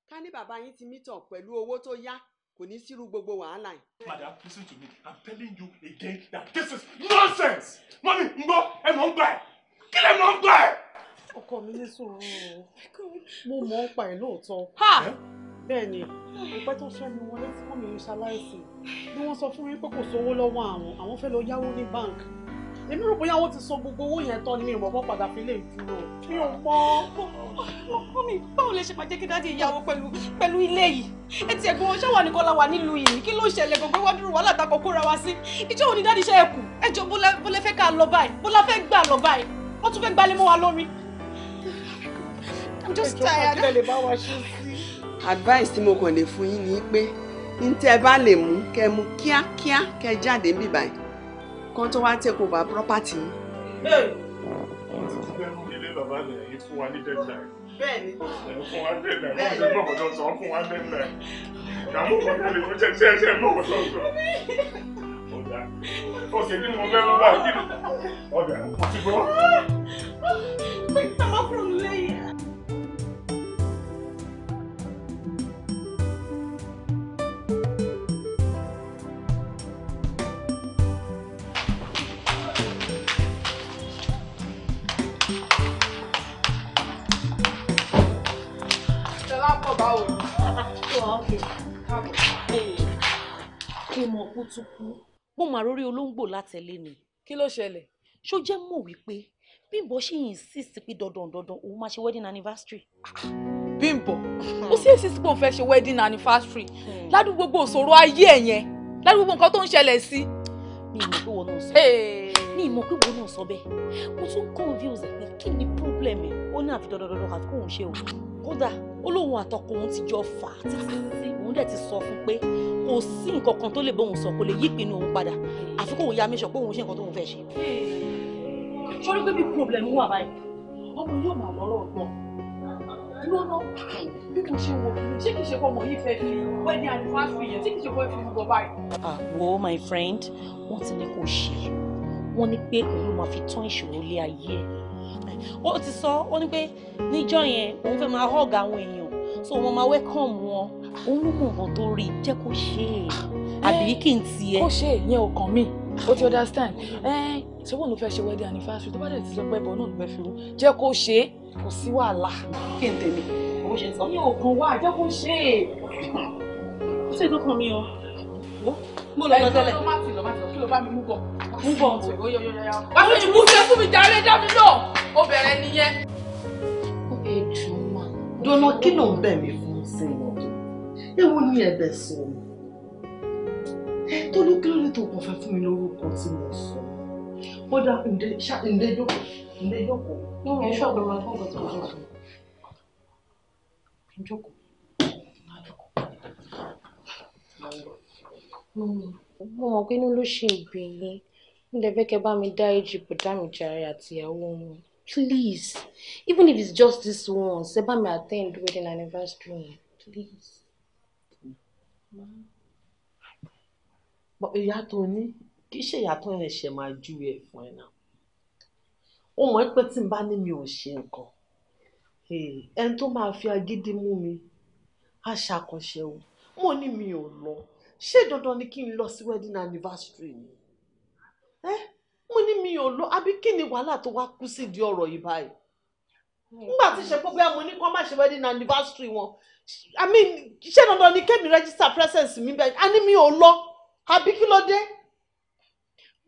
Speaker 2: Ká ní bàbá yín ti mítọ̀ pẹ̀lú owó tó yá kò ní sírú gbogbo wàhálà yìí.
Speaker 3: Madam, listen to me. I'm telling you again that this is nonsense.
Speaker 2: Mami, ń gbọ́, ẹ mọ̀ ń gbà ẹ̀ kílẹ̀ mọ́ ń gbà ẹ̀. ọkọ mi ní sùúrù mo mọ̀ ń pa ẹ̀ lóòótọ́ bẹ́ẹ̀ ni ìpẹ́ tó fẹ́ mi wọlé tí mọ̀mí mi ṣaláìsí bí wọ́n sọ fún mi pé kò sówó lọ́wọ́ àwọn àwọn fẹ́ lọ yáwó ní báńkì èmi rò bóyá wọ́n ti sọ gbogbo owó yẹn tán ni mi ò mọ̀ padà fi lè dúró mi ò mọ̀. ọkọ mi báwo lè ṣe máa jẹ́ kí dáàdi ìyàwó pẹ̀lú pẹ̀lú ilé yìí etí ẹ̀gbọ́n wọn ṣáwà nìkan la wà nílùú yìí kí ló ṣẹlẹ̀ gbogbo wá dúró wàhálà takò kóra wá sí ìjọ́ òní dáàdi iṣẹ́ ẹ̀kú ẹ̀jọ̀ bó lẹ fẹ́ ká lọ báyìí bó la fẹ́ gbà lọ báyìí wọ́n tún fẹ́ gbalẹ̀ mọ́ wa lórí. I'm just tired. ẹjọ́ kílẹ̀ lè bá wa advice tí mo kàn lè fún yín ni pé ní tẹ́ ẹ bá lè mú kẹ́ mú kíákíá kẹ́ jáde níbí báyìí kan tó wá tẹ́ kó bá property yín.
Speaker 3: Bẹ́ẹ̀ni. Fún wa deadline. Bẹ́ẹ̀ni. Fún wa deadline. Fún wa deadline. Ìdààmú kan tó lè mú jẹ́ ṣẹ́ṣẹ́ mọ̀ ọ̀sán sọ ọ̀dà òkè kí ni mo fẹ́ mú báyìí kí ni ọ̀dà mo ti gbọ́.
Speaker 7: pé
Speaker 2: mo mà rórí olóńgbò látẹ̀lé ni. kí ló ṣẹlẹ̀. ṣó jẹ́ mọ̀ wípé bímbọ ṣì ń insist pé dandan dandan òun máa ṣe wedding anniversary. bímbọ ó sì insist pé òun fẹ́ ṣe wedding anniversary hmm. ládùúgbò gbogbo òṣòro ayé ẹ̀ yẹn ládùúgbò nǹkan tó ń ṣẹlẹ̀ sí. mi ò ní kí wọn náà sọ ní ìmọ̀ pé wo náà sọ bẹ́ẹ̀ mo tún confuse pé kí ni problem ẹ̀ ó ní àfi dandandandan àti kóun ṣe o kódà ó lóun àtọkọ òun ti jọ fà á títí sí òun dẹ̀ ti sọ fún pé kò sí nǹkan kan tó lè bóun sọ kó lè yí ìpinnu òun padà àfi kóun ya mẹ́sàn pé òun ṣe nǹkan tóun fẹ́ ṣe. sọ́rí pé bí problem wà báyìí ọmọ yóò máa lọ́rọ̀ ọ̀gbọ́n lọ́nà bí mo ṣe wò ṣé kìí ṣe kọ́ ọmọ yìí fẹ́ fi wedding anniversary yẹn ṣé kìí ṣe kọ́ fi gbogbo báyìí.
Speaker 4: ah wo my
Speaker 2: friend wọ́n ti ní kó ṣe wọ́n ní pé òun máa fi tán ìṣòro ilé ayé ẹ̀ ó ti sọ ó ní pé níjọ́ yẹn òun fẹ́ máa hug àwọn èèyàn so wọ́n máa welcome
Speaker 6: wọn òun ló mọ̀ nǹkan tó rí jẹ́ kó ṣe é
Speaker 2: àbí eh, kí n ti ẹ. ó ṣe ìyẹn ọkàn mi o ti understand eh, ṣé wọn ló fẹ́ ṣe wedding anniversary tó bá dẹ̀ ti sọ pé ẹbọ náà ló fẹ́ fi rú jẹ́ kó ṣe é kò sí wàhálà. kí n tèmi òun ṣe sọ. ìyẹn ọkàn wa jẹ́ kó ṣe é. ó ṣètò kan mi o wo mo lọ lọ tẹ́lẹ̀. ẹ má ti lọ má ti lọ kí ló bá mi mú bọ̀. mú bọ̀ ọ̀tún. wàá fi ìmú ṣe fún mi jáde dábì náà
Speaker 6: ó bẹ̀rẹ̀ nìyẹn. ó bẹ jù mà
Speaker 2: dọ́nà kí ló ń bẹ̀ mí fún sí i ewu ni ẹ̀bẹ̀ sọ tó ló kí ló lè tó kàn fẹ́ fún mi lórúkọ tí mo sọ kódà ǹdẹ jókòó ǹdẹ jókòó.
Speaker 6: mo rẹ̀ ṣọ́ọ̀bù ọmọ fún jókòó. jókòó mọ́mí mo mọ̀ pé inú ló ṣì ń bí yín mo dẹ̀ fẹ́ kẹ́ bá mi dá èjì bùdá mi jàre àtìyàwó wọn please even if it's just this once ẹ bá mi attend wedding anniversary yẹn please. ìyá tó
Speaker 2: ní kì í ṣe ìyá tó yẹn ṣe máa ju ẹ fún ẹ náà ó mọ̀ pé tí n bá ní mi ò ṣe nǹkan ẹni tó máa fi agídí mú mi á ṣàkọsẹ̀ o mo ní mi ò lọ ṣé dandan ni kí n lọ sí wedding anniversary ni ẹ mo ní mi ò lọ àbí kí ni wàhálà tó wá kú sí di ọ̀rọ̀ yìí báyìí nígbà tí ṣe pé bóyá mo ní kí wọ́n má ṣe wedding anniversary wọn i mean ṣé dandan ni kémi register presence mi bẹ́ẹ̀ a ní mi ò lọ àbí kí ló dé.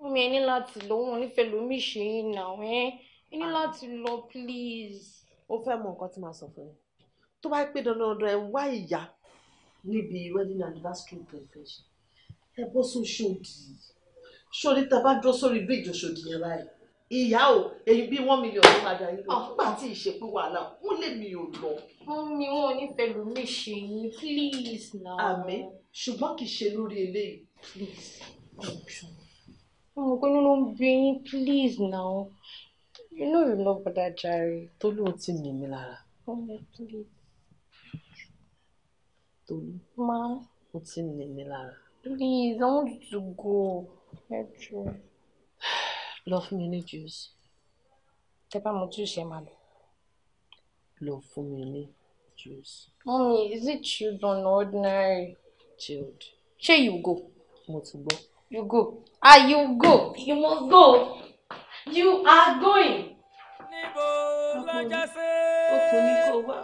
Speaker 6: omi ẹni láti lọ òun onífẹ́ lómi ṣe é nà ẹ́ ẹni láti lọ please. ó fẹ́ mọ nǹkan tí màá sọ fún ẹ tó bá pé dandan dandan ẹ wá
Speaker 2: ìyá níbi wedding anniversary prevention ẹ bọ́ sóṣòdì sórí tá a bá dúró sórí bíríìjì Òṣòdì yẹn báyìí ìyá o èyí bíi one million ló máa darí lọ nígbà tí ìṣepé wàhálà wọn lè mi ò lọ.
Speaker 6: wọn ní wọn ò ní fẹlú mi ṣe yín please na. àmì ṣùgbọ́n kì í ṣe lórí eléyìí. please ọ̀ṣun ọmọ pé ló ń bí yín please na you know you love that Jerry. tó lóun ti nì mí lára. ọmọ please. Tolú ó ti lè mí lára. Please, I want you to go. Ẹ jọ̀ọ́. Lọ fún mi ní juice. Tẹ bá mo juice ẹ máa lọ. Lọ fún mi ní juice. Mommy, is it chilled or ordinary? Chilled. Ṣé you go? Mo ti gbọ́. You go. Ah, you go. You must go. You are going. Níbo lọ́jọ́ sí? Ó kò wá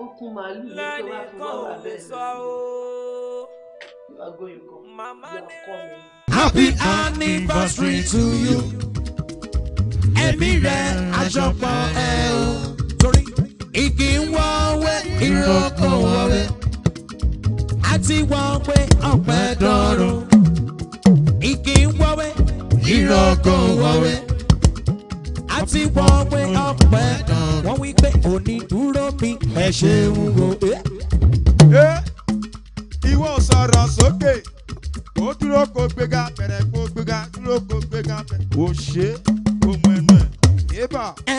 Speaker 6: okùn màálù ló
Speaker 1: tó wá fún bọ́ọ̀lù abẹ́rẹ́ lọ happy anniversary to you ẹ̀mí rẹ̀ àjọpọ̀ ẹ̀ o torí igi ń wọ́wé ìrókò wọ́wé àti wọ́wé ọ̀pẹ dọ́rùn igi ń wọ́wé ìrókò wọ́wé tí wọ́n pé ọpẹ́ wọ́n wí pé onídùúró mi ẹ ṣeun o. Eh? Eh, ìwọ sọ̀rọ̀ sókè ó dúró kó gbéga bẹ̀rẹ̀ kó gbéga dúró kó gbéga bẹ̀rẹ̀ ó ṣe ó mọ ẹnu ẹ̀.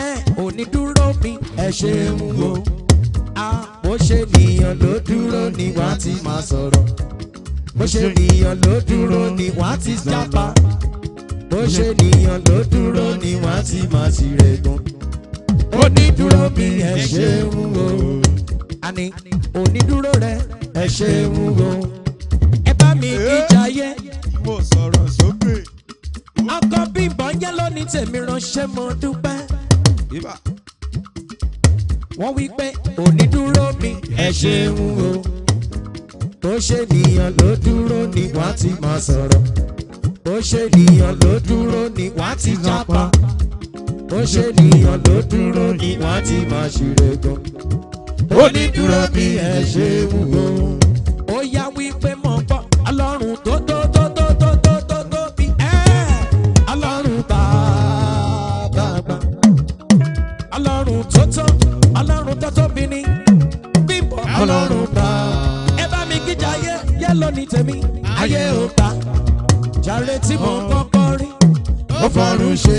Speaker 1: ẹ eh, onídùúró mi ẹ ṣeun o. bó ṣe nìyàn ló dúró ni wàá ti máa sọ̀rọ̀ bó ṣe nìyàn ló dúró ni wàá ti jápa bó ṣe nìyàn ló dúró ni wọ́n ti máa ti rẹ̀ gan. onídúró mi ẹ ṣeun o àní onídúró rẹ ẹ ṣeun o ẹ bá mi kíjà yẹ. mo sọ̀rọ̀ sókè. ọkọ bímbọ yẹn lónìí tèmi ránṣẹ́ mo dúpẹ́. wọ́n wí pé onídúró mi ẹ ṣeun o bó ṣe nìyàn ló dúró ni wọ́n ti máa sọ̀rọ̀ bó ṣe nìyàn ló dúró ni wá ti jápa bó ṣe nìyàn ló dúró ni wá ti máa ṣeré gan ó ní dúró bí ẹ ṣe wúwo. ó yá wípé mo gbọ́ ọlọ́run tó tó tó tó tó tó tó tó bí ẹ ọlọ́run bàbá gbà ọlọ́run tó tó ọlọ́run tó tó bí ni bímbọ ọlọ́run bàbá ẹ bá mi gíjà ayé yẹ lónìí tèmi ayé ò gbà jàre tí mo kọ́kọ́ rí ó fọ̀run ṣe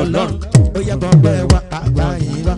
Speaker 1: ọlọ́run ó yẹ bọ́ bẹ́ẹ̀ wá àgbà yìí lọ.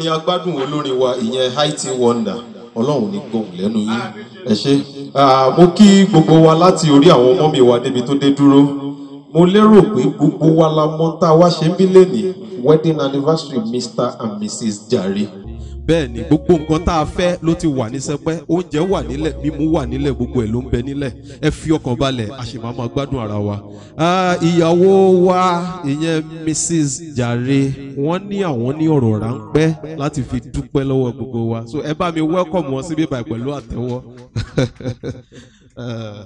Speaker 3: ni agbádùn olórin wa ìyẹn haiti wonder ọlọ́run ní gbóhùn lẹ́nu yín ẹ ṣe mo kí gbogbo wa láti orí àwọn ọmọ mi wá débi tó dé dúró mo lérò pé gbogbo wa la mọ̀ tá a wá ṣe ń bí lẹ́nìí wedding anniversary mr and mrs jare bẹ́ẹ̀ ni gbogbo nǹkan tá a fẹ́ ló ti wà ní sẹpẹ́ oúnjẹ wà nílẹ̀ mímu wà nílẹ̀ gbogbo ẹ̀ ló ń bẹ nílẹ̀ ẹ fi ọkàn balẹ̀ a gbádùn ara wa. ìyàwó wa ìyẹn Mrs. Jare wọ́n ní àwọn ní ọ̀rọ̀ ráńpẹ́ láti fi dúpẹ́ lọ́wọ́ gbogbo wa so ẹ bá mi welcome wọn síbí báyìí pẹ̀lú àtẹ́wọ́. Eh,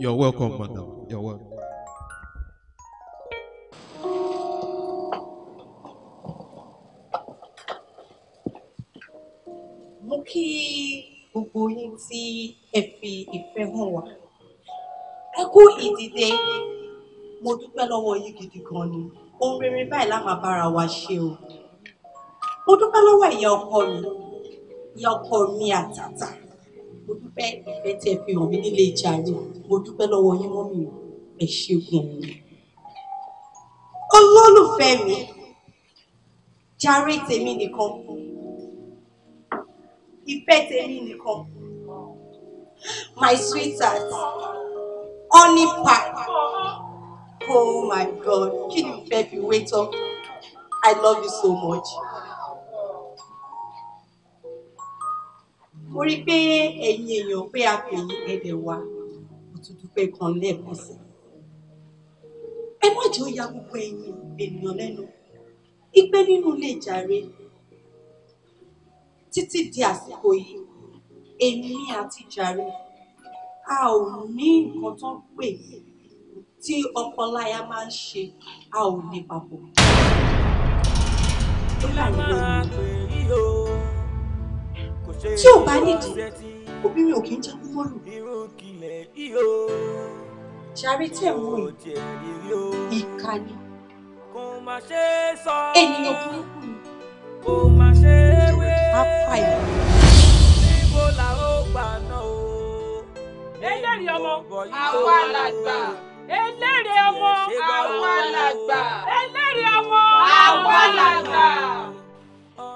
Speaker 3: you're welcome, madam. You're welcome.
Speaker 4: mú kí gbogbo yín tí ẹ fi ìfẹ́ hàn wá ẹ kú ìdìde mo dúpẹ́ lọ́wọ́ yín gidi gan ni ohun rere báyìí la máa bára wa ṣe o mo dúpẹ́ lọ́wọ́ ìyá ọkọ mi ìyá ọkọ mi àtàtà mo dúpẹ́ ìfẹ́ tí ẹ fi hàn mí nílé ìjàre mo dúpẹ́ lọ́wọ́ yín mọ́ mi ẹ ṣe gan ni olólùfẹ́ mi jàre tèmi nìkan fún ìfẹ́ tèmi nìkan my sweetheart honey pie oh my god kí ni ìfẹ́ fi wait up? i love you so much. mo rí i pé ẹ̀yin èèyàn pé a pè yín ẹ̀dẹ̀ wa mo tún dúpẹ́ kan lẹ́ẹ̀kan sí i ẹ má jẹ́ ó ya gbogbo ẹ̀yin ènìyàn lẹ́nu ìpè nínú ilé ìjàre títí di àsìkò yìí èmi àti jàre a ò ní nǹkan tó ń pè tí ọkọláya máa ń ṣe a ò ní papọ̀. ó yà ní lóyún. tí ò bá nídìí
Speaker 1: obìnrin ò kì í jẹ́ púpọ̀ jàre tí ẹ̀ ń wò ni ènìyàn
Speaker 7: burúkú ni.
Speaker 1: fàyè. náà ọmọ ọmọ ọmọ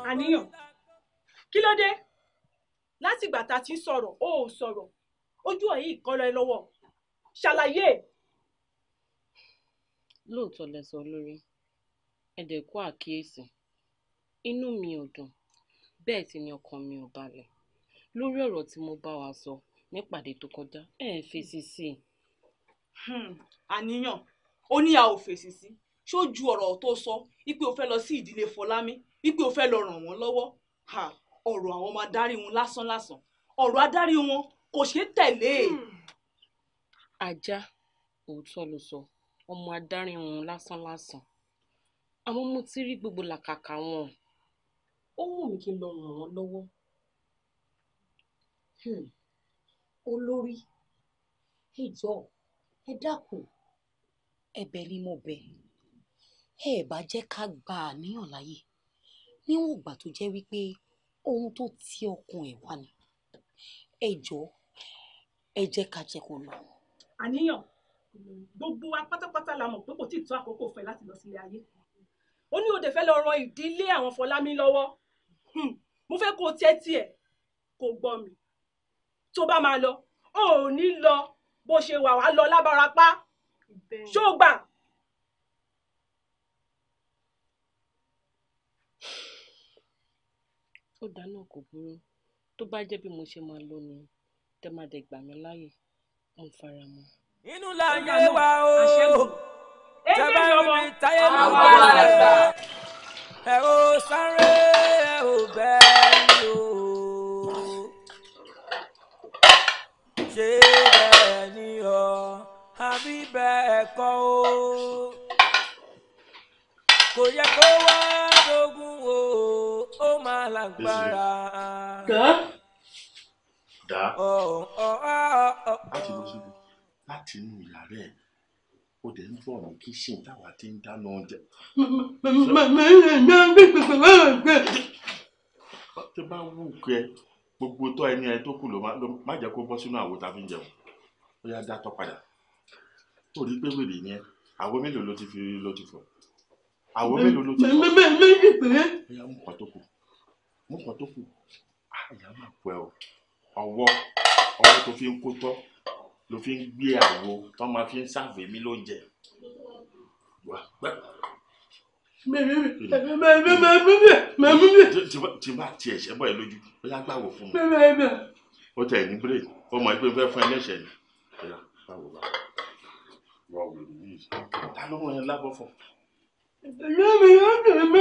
Speaker 2: àníyàn kí ló dé tá a ti sọ̀rọ̀ ó sọ̀rọ̀ ojú ẹ̀ yìí kọ́ ẹ lọ́wọ́ ṣàlàyé.
Speaker 6: lóòótọ́ lẹ sọ lórí ẹ̀dẹ̀kú àkíyèsí inú mi ò dùn bẹ́ẹ̀ sì ni ọkàn mi ò balẹ̀ lórí ọ̀rọ̀ tí mo bá wa sọ nípàdé tó kọjá ẹ ẹ fèsì sí i. Hmm,
Speaker 2: àníyàn ó ní a ò fèsì sí ṣó ju ọ̀rọ̀ tó sọ wípé o fẹ́ lọ sí ìdílé Fọlámi wípé o fẹ́ lọ ràn wọ́n lọ́wọ́ ọ̀rọ̀ àwọn ọmọ adarí wọn lásán lásán ọ̀rọ̀ adarí wọn kò ṣeé tẹ̀lé. Hmm.
Speaker 6: ajá òótọ́
Speaker 2: ló sọ ọmọ adarí wọn lásán lásán àmọ́ mo ti rí gbogbo làkàkà wọn ó wù mí kí n lọ ràn wọ́n lọ́wọ́
Speaker 6: hmm. olórí ẹ jọ̀ọ́ ẹ dákun ẹ̀bẹ̀ ni mo bẹ̀ ẹ bá jẹ́ ká gba àníyàn láàyè níwọ̀n ìgbà tó jẹ́ wípé ohun tó ti ọkàn ẹ̀ wá ni
Speaker 2: ẹ jọ̀ọ́ ẹ jẹ́ ká jẹ́ kó lọ. àníyàn gbogbo wa pátápátá la mọ̀ pé kò tí ì tó àkókò fẹ́ láti lọ sílé ayé ó ní òde fẹ́ lọ ran ìdílé àwọn Fọlámi lọ́wọ́ Hmm. mo fẹ́ kó tẹ́tí ẹ̀ kó gbọ́ mi tó bá máa lọ ó ò ní lọ bó ṣe wà wá lọ lábarapá ṣó gbà. ó dáná kò burú tó bá jẹ́ bí mo ṣe máa
Speaker 6: lọ ni tẹ́ máa dẹ̀ gbà mí láàyè mo fara mọ́.
Speaker 1: inú la yẹ wa o tẹ́ bá rí mi táyé mi wà ẹ ò sáré ẹ ò bẹ́ẹ̀ o ṣé bẹ́ẹ̀ ni ọ àbí bẹ́ẹ̀ kọ́ o kò yẹ kó wá dógún o ó máa lágbára. dá. dá. láti lọ síbi
Speaker 3: láti inú ìyá rẹ̀ ó dẹ̀ ń bọ̀ ní kíṣìn táwa ti ń dáná oúnjẹ. tó bá wù kẹ gbogbo tọ́ ẹni ẹ tó kù ló má jẹ́ kó bọ́ sínú àwo tá a fi ń jẹun ó yá dátọ́ padà tó rí pé wèrè yẹn àwo mélòó ló ti fi ló ti fọ àwo mélòó ló
Speaker 5: ti fọ ó
Speaker 3: yá mú kan tó kù mú kan tó kù àyà ah, máa pẹ́ ọ ọwọ́ ọwọ́ tó fi ń kó tọ́ ló fi ń gbé àwo tó máa fi ń sàfè mí lóúnjẹ. tí bá tiẹ̀ ṣẹ́ bọ̀ ẹ́ lójú ó yá gbàwò fún mi ó tẹ̀ ní bírèkì ó mọ̀ pé fẹ́ fún ẹ lẹ́sẹ̀ ni báwo bá wà wò yìí ta ló ràn ẹ́ lábọ̀ fún. ẹ̀yọ́ mi yóò dùn mí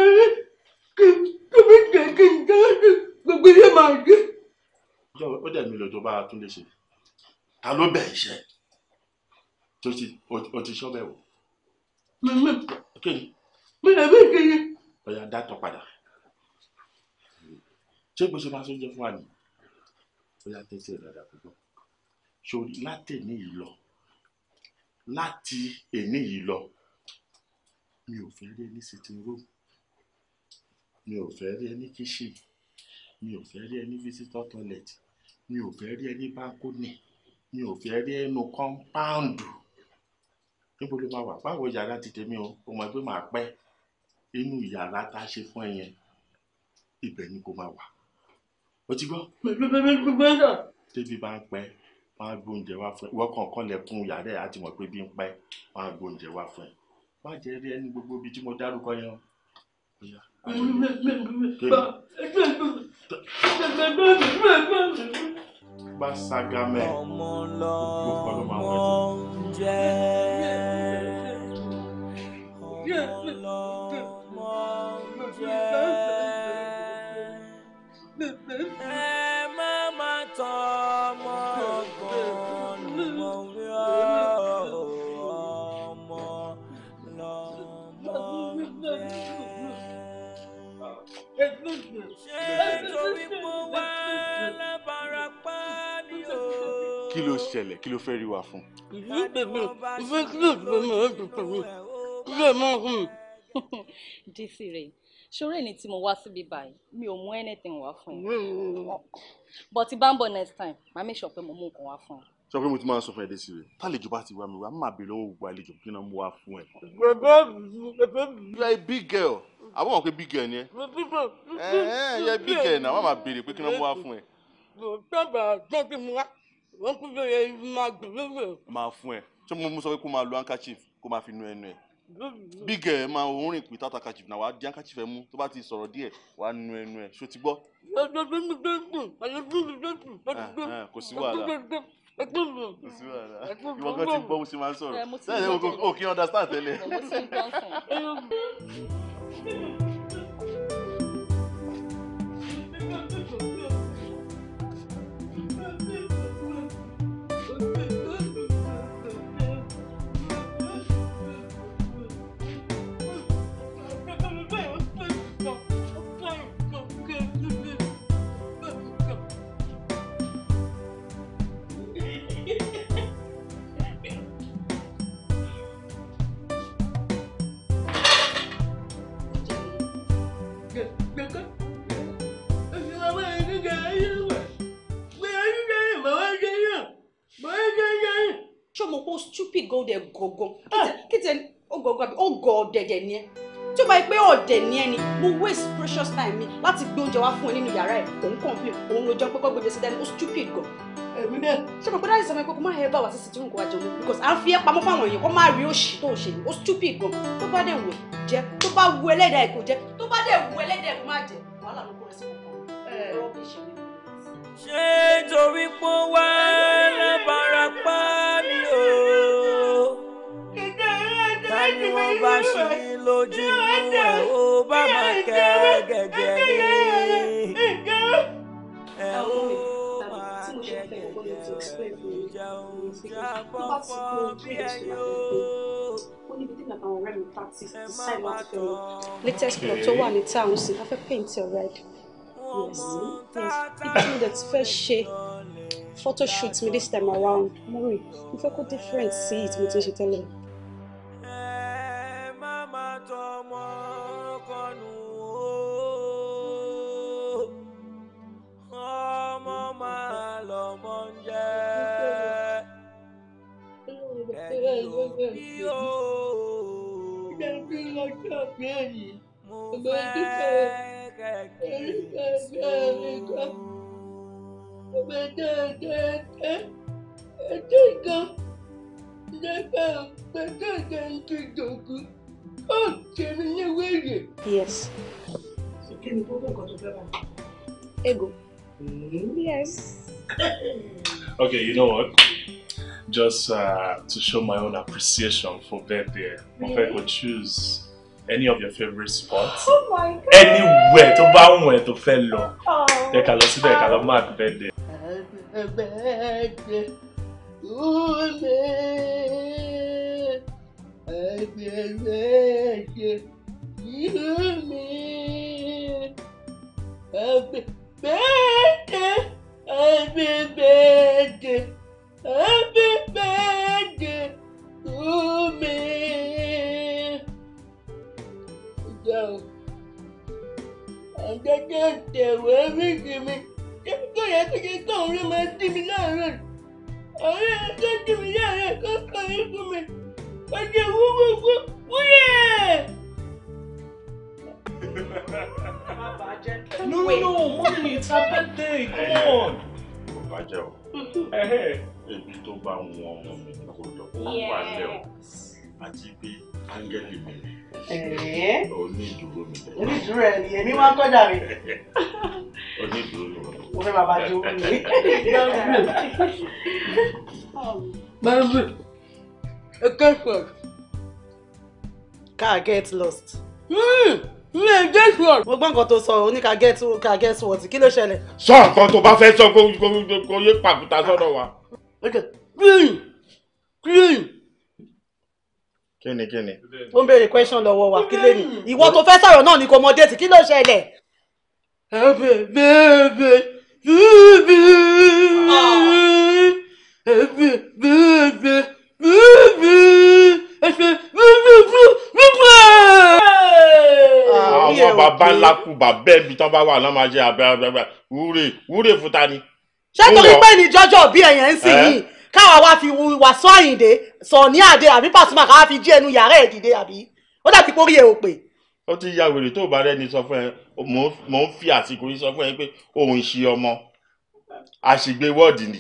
Speaker 3: kí n tóbi jẹ́ kí n jẹ́ gbogbo ilé máa gbé. ó dẹ̀ mi lọ́jọ́ bá a tún lè ṣe ta ló bẹ̀ iṣẹ́ tó ti o ti sọ bẹ́ẹ̀ wò. mímí kéde mímí bí kéde. ọ̀yà dátọ̀ padà ṣé gbèsè máa ṣe ń jẹ fún wa nìyí ọ̀yà tẹ̀sí ẹ̀ dáadáa púpọ̀ sórí láti èní yìí lọ láti èní yìí lọ mi ò fẹ́ rí ẹni sitting room mi ò fẹ́ rí ẹni kitchen mi ò fẹ́ rí ẹni visitor toilet mi ò fẹ́ rí ẹni balcony mi ò fẹ́ rí ẹnu kọ́ńpáàndù níbo ló máa wà báwo yàrá ti tèmi o o mọ̀ pé màá pẹ́ inú yàrá tá a ṣe fún ẹ yẹn ibẹ̀ ni kò máa wà o ti gbọ́. débi bá ń pẹ́ wọ́n á gbóúnjẹ wá fún ẹ wọ́n kọ̀ọ̀kan lẹ̀kùn yàrá ẹ̀ á ti mọ̀ pé bí ń pẹ́ wọ́n á gbóúnjẹ wá fún ẹ má jẹ́ rí ẹni gbogbo ibi tí mo dárúkọ yẹn o.
Speaker 7: Bẹ́ẹ̀ni
Speaker 3: bá sagamẹ́ gbogbo ọlọ́mọ àwọn ẹ̀dùn. ṣẹlẹ̀ kí ló fẹ́ rí wa fún.
Speaker 2: dísì rẹ̀ ṣoré
Speaker 4: ni tí mo wá síbi báyìí mi ò mú anything wá fún ẹ but bá ń bọ̀ next
Speaker 2: time màá make sure pé mo mú nǹkan wá fún ẹ
Speaker 3: sọ pé mo ti máa ń sọ fún ẹ désì rẹ tálejò bá ti wá mi wá má bèrè lọ́wọ́ gbogbo àlejò kí náà mo wá fún ẹ. you are a big girl àwọn mọ̀ pé big girl ni ẹ.
Speaker 1: ẹ ẹ a big girl náà wọ́n máa bèrè pé kí náà mo wá fún ẹ. mo sábà gbọ́ kí mo wá wọ́n kú bẹ̀rẹ̀ máa gbìn e lóbẹ̀.
Speaker 3: máa fún ẹ ṣé mo sọ pé kó máa lo handkerchief kó máa fi nu ẹnu ẹ bí gẹ̀ẹ́ máa òórùn ìpè tata handkerchief náà wàá di handkerchief ẹ mú tó bá ti sọ̀rọ̀ díẹ̀ wàá nu ẹnu ẹ ṣó ti gbọ́.
Speaker 5: kò sí wàhálà ìwọ kan ti gbọ́ bó ṣe máa ń sọ̀rọ̀ ṣáà ṣe o
Speaker 3: kì í understand tẹ́lẹ̀.
Speaker 2: stupid gan ọdẹ gọgọ kìtẹ ó gọgọ àbí ó oh, gọ ọdẹdẹ ni ẹ tí o bá yẹ pé ọdẹ oh, ni ẹ ni mo waste precious time mi láti gbé oúnjẹ wá fún ẹ nínú yàrá ẹ òun complain òun ló jọ pé kọ́gbẹ́dẹ sí dání ó stupid gan. èmi náà. ṣé mo gbọ́dọ̀ àìsàn mi pé kó má hẹ́ bá wà sí sìtìrún kó wá jẹun because à ń fi ẹ́ pamọ́ fáwọn èèyàn kó má rí òṣì tó ṣe ó stupid gan To bá dẹ̀ wù ẹ́ To tó bá wù ẹlẹ́dàá ẹ̀ kó jẹ́ tó bá dẹ̀ wù ẹlẹ́dàá ẹ̀ kó má jẹ́ wàhálà ló kó rẹ sí kọ̀ọ̀kan ọ̀rọ̀ bí ìṣẹ̀lẹ̀.
Speaker 1: ṣé
Speaker 4: latest plot tó wà ní town sí
Speaker 2: afẹ́ paint your red yes yes ìtumọ̀ dẹ̀ ti fẹ́ ṣe photoshoot mi this time around mo if I fẹ́ kó different sí ìtumọ̀ tí you ṣe tẹ́lẹ̀.
Speaker 3: you know what? Just uh, to show my own appreciation for Beth if I could choose any of your favorite spots. Oh my god! Anywhere tó bá where tó fẹ́ lọ. Oh. Ẹ kà lọ síbẹ̀ ẹ kà lọ mark birthday.
Speaker 2: Happy me. Happy Happy birthday, happy birthday to me. Ìjà o, àjẹjẹ tẹ̀wé me mi, kẹ́kọ̀ọ́ yẹn kí ṣe kọ́ òun ló máa dí
Speaker 1: mi láàárọ̀. Àwọn yẹn tó dí mi láàárọ̀ kọ́kọ́ yẹn fún mi. Ọjọ́ wúwo wúwo wúyẹ̀ no, no, no,
Speaker 7: mommy, it's her birthday.
Speaker 1: Come on. Kò bàjẹ́
Speaker 3: o. Ebi tó bá wọn ọmọ mi ni kò lọ. Ó wà lẹ́ o. Àti pé áńgẹ́lì mi ni. Onídùúró mi lẹ. Onídùúró ẹ̀ ni èmi máa ń kọjá mi. Onídùúró mi lẹ. Mo fẹ́ bàbá jó mi. Bẹ́ẹ̀ni,
Speaker 2: a girlfriend. Car get lost. Mm mi guess what. mo gbọ́ nǹkan tó sọ òní ká guess ká guess what kí ló ṣẹlẹ̀. sọ nǹkan tó bá fẹ́ sọ kó yé
Speaker 3: pàkúta sọ́dọ̀ wa.
Speaker 2: kílíìn kílíìn. kí ni kí ni. ó ń béèrè question lọ́wọ́ wa kí lè ìwọ tó fẹ́ sọ̀rọ̀ náà ni kò mọ déètì kí ló ṣẹlẹ̀. ẹ̀bẹ̀ bẹ́ẹ̀bẹ̀ bẹ́ẹ̀bẹ̀
Speaker 1: ẹ̀bẹ̀ bẹ́ẹ̀bẹ̀ bẹ́ẹ̀bẹ̀ ẹ̀ṣẹ̀.
Speaker 5: táwọn bàbá
Speaker 3: ńlá kù bàbá ẹbí tán bá wà náà máa jẹ abẹ abẹ wúre wúre fún ta ni. ṣé torí pé ní
Speaker 2: jọjọ bí ẹyàn ń sìn yìí káwa wá fi Wasiu Àyìndé sọ ní àdé àbí Pasuma káwa fi jí ẹnu yàrá ẹ̀ dìde àbí
Speaker 3: ó dà ti pórí ẹ̀ ò pè ó ti ya wèrè tó bá rẹni sọ fún ẹ mò ń fi àsìkò yìí sọ fún ẹ pé òun ṣe ọmọ àṣìgbé wọ́ọ̀dù ni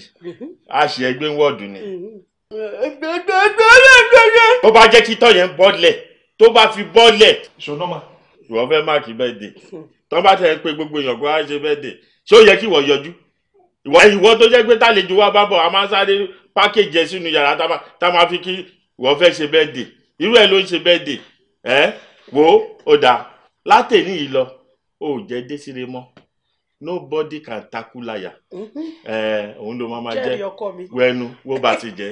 Speaker 3: àṣìẹgbé wọ́ọ̀dù ni. tó bá jẹ́ kí tọ́ yẹn tó bá fi bọ́lẹ̀. ṣùgbọ́n ìwọ fẹ́ máàkì bẹ́ẹ̀dẹ̀ hmm. tọ́ bá tẹ̀ ń pe gbogbo èèyàn kó wá ṣe bẹ́ẹ̀dẹ̀ ṣé ó yẹ kí ìwọ yọjú ìwọ ìwọ tó jẹ́ pé tàlejò wa bá bọ̀ a máa ń sáré pákéjì ẹ sínú yàrá tá máa fi kí ìwọ fẹ́ ṣe bẹ́ẹ̀dẹ̀ irú ẹ̀ ló ń ṣe bẹ́ẹ̀dẹ̀ ẹ wo ó dáa látẹ̀ níyì lọ ó jẹ́ dé síre mọ́ nobody can tackle liar ẹ mm-hmm. eh, òun ló máa jẹ wẹnu wó bá ti jẹ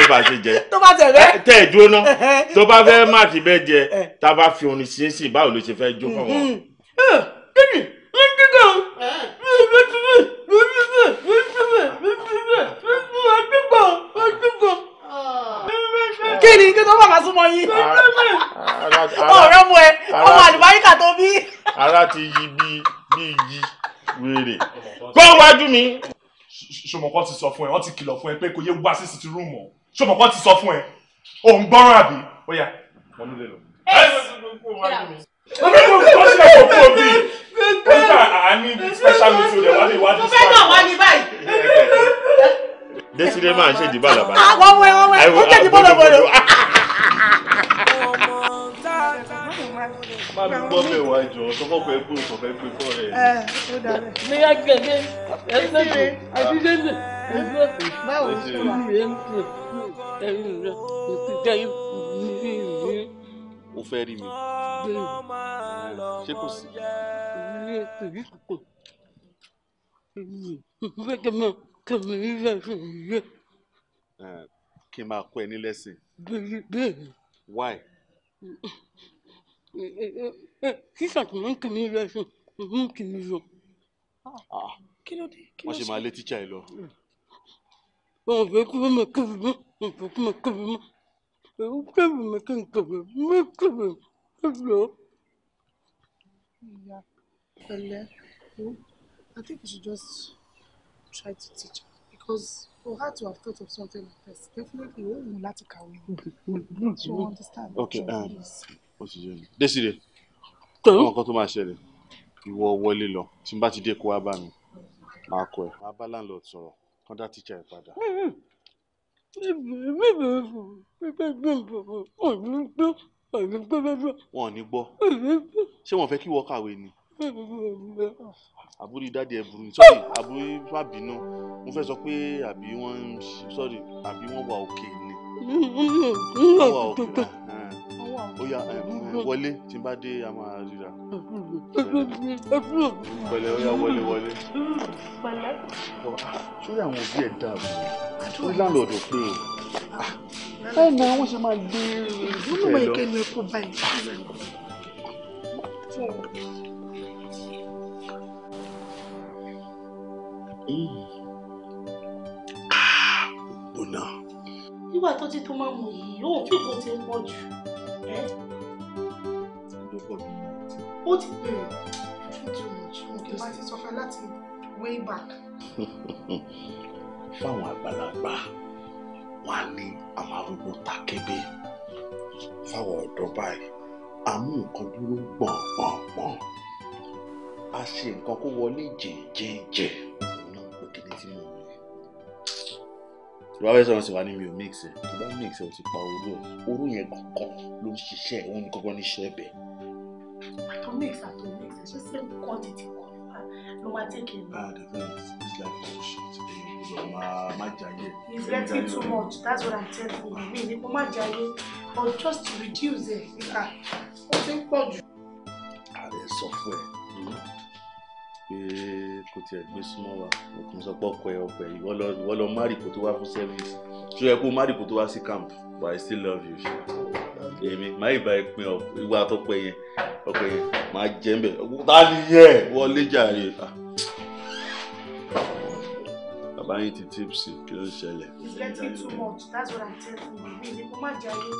Speaker 3: wó bá ti jẹ tó bá tẹ̀lé tẹ̀ eh, dúró ná eh, tó bá fẹ́ má ti bẹ́ẹ̀ jẹ tá a bá fi orin sí sí báwo ló ṣe fẹ́ jó fáwọn. Mm-hmm.
Speaker 1: kí ni kí tó bá
Speaker 2: máa súnmọ́ yín ah,
Speaker 3: ah, ah, ọ̀rọ̀ mu ẹ ọmọ
Speaker 2: àlùbáríkà tó bí.
Speaker 3: ara ti yí bí bí yí. Really? gbọ́ wájú mi. sọmọkọ ti sọ fún ẹ wọn ti kìlọ̀ fún ẹ pé kò yé wá sí sítì room. ọ sọmọkọ ti sọ fún ẹ òun gbọ́ràn àbí ó yá wọn nílé lọ.
Speaker 6: Mo fẹ́ kó kó sí ọkọ̀ fún òbí.
Speaker 3: Ó ní ká àání special meeting rẹ̀ wá lè wá di sáà. Mo fẹ́ náà
Speaker 2: wá ní báyìí.
Speaker 3: Désiré máa ń ṣe ìdìbò àlàbà. Àwọn ọmọ ẹ̀wọ̀n ẹ̀ ń tẹ̀sí bọ́lọ̀bọ̀lọ̀ má mi gbọ́ bẹ̀ wá jọ tọ́kọ́ fẹ́ gbé òtọ̀ fẹ́ gbé fọ́ rẹ̀.
Speaker 1: ẹ eh, ó dàbẹ̀. mi yà gẹ̀gẹ̀ ẹ ṣe ṣe àdídé ṣe ìlú eh, báwo ṣe wà. ẹ̀yin rẹ̀ ìtìjẹ́ yìí.
Speaker 3: o fẹ́ rí mi ṣé kò sí. kí n máa kọ́ ẹ ní lẹ́sìn. why.
Speaker 2: sísàn tí mo ń kì mí lọ ẹsùn mo ń kì mí lọ. kí ló dé
Speaker 3: wọ́n ṣe máa lé tíṣà yìí lọ.
Speaker 2: wọn fẹ́ kí wọ́n máa kẹ́wì mọ́ wọn fẹ́ kí wọ́n máa kẹ́wì mọ́ èyí kẹ́wì mọ́ kí n kẹ́wì mọ́ kẹ́wì mọ́ lọ. ìyá pẹ̀lẹ́ I think you should just try to teach her
Speaker 6: because for her to have thought of something like this definitely won't láti kàwé.
Speaker 5: so
Speaker 3: understand. okay. Um, please ó ti yé mi Désiré àwọn nǹkan tó máa ṣẹlẹ̀ ìwọ wọlé lọ tí n bá ti dé kó wá bá mi máa kọ ẹ máa bá landlord sọ̀rọ̀ kán dá tíjà ẹ padà. wọn ò ní gbọ́ ṣé wọn fẹ́ kí wọ́n kàwé ni àbúrò dáàdi ẹ burú sọ́ọ̀rì àbúrò má bínú mo fẹ́ sọ pé àbí wọ́n ń sọ́ọ̀rì àbí wọ́n wà òkè ni wọ́n wà òkè náà ó yá mm-hmm. wọlé tí n bá dé a máa ríra pẹ̀lẹ́ ó yá wọlé wọlé. Ah, sórí àwọn òbí ẹ̀ dà bù ó láńlọ́ọ̀dù pé o ah, ẹ̀ náà wọ́n ṣe máa gbé
Speaker 7: ìfẹ́ lọ.
Speaker 2: Mm gbóná. nígbà tó ti tó máa mú yìí òun tí kò ti ń pọ̀ jù ẹ ló pọ̀ jù mọ́. ó ti too much mo kì í bá ti way back.
Speaker 3: fáwọn àgbàlagbà wọn á ní àwọn arúgbó ta kébé fáwọn ọ̀dọ́ báyìí àmú nǹkan dúró gbọ̀ngbọ̀ngbọ̀n a ṣe nǹkan kó wọlé jẹ̀jẹ̀jẹ̀. tí wọ́n fẹ́ sọ̀rọ̀ sí wa mi ò mix ẹ̀ tó bá mix ẹ̀ o ti pa orú ẹ̀ orú yẹn kankan ló ń ṣiṣẹ́ òun ní kankan ẹ̀bẹ̀.
Speaker 2: àtọ̀ mix àtọ̀ mix ẹ̀ ṣe
Speaker 6: same quantity kan ah, ló máa take it.
Speaker 3: ah the thing is it's like bullshit ma ma jaye. he's getting too much
Speaker 6: that's what i'm telling you mi ni mo ma jaye but
Speaker 2: just reduce it. ó ti ń pọ̀ jù.
Speaker 3: ààrẹ sọ fún ẹ pé kò tiẹ̀ gbé súnmọ́ wa òkun sọ pé ọkọ̀ ẹ̀ ọkọ̀ ẹ̀ ìwọ lọ má rí tó wá fún service ṣó yẹ kó má rí tó wá sí camp but I still love you èmi má ì bá ẹ pin ìwà àtọ́pẹ́ yẹn ọkọ̀ yẹn má jẹ́ ń bẹ̀ tá a ní yẹ wọlé bàbá yín ti tipsy kí ló it's getting too
Speaker 2: much that's what i'm telling you mm. mi ni kó má jayé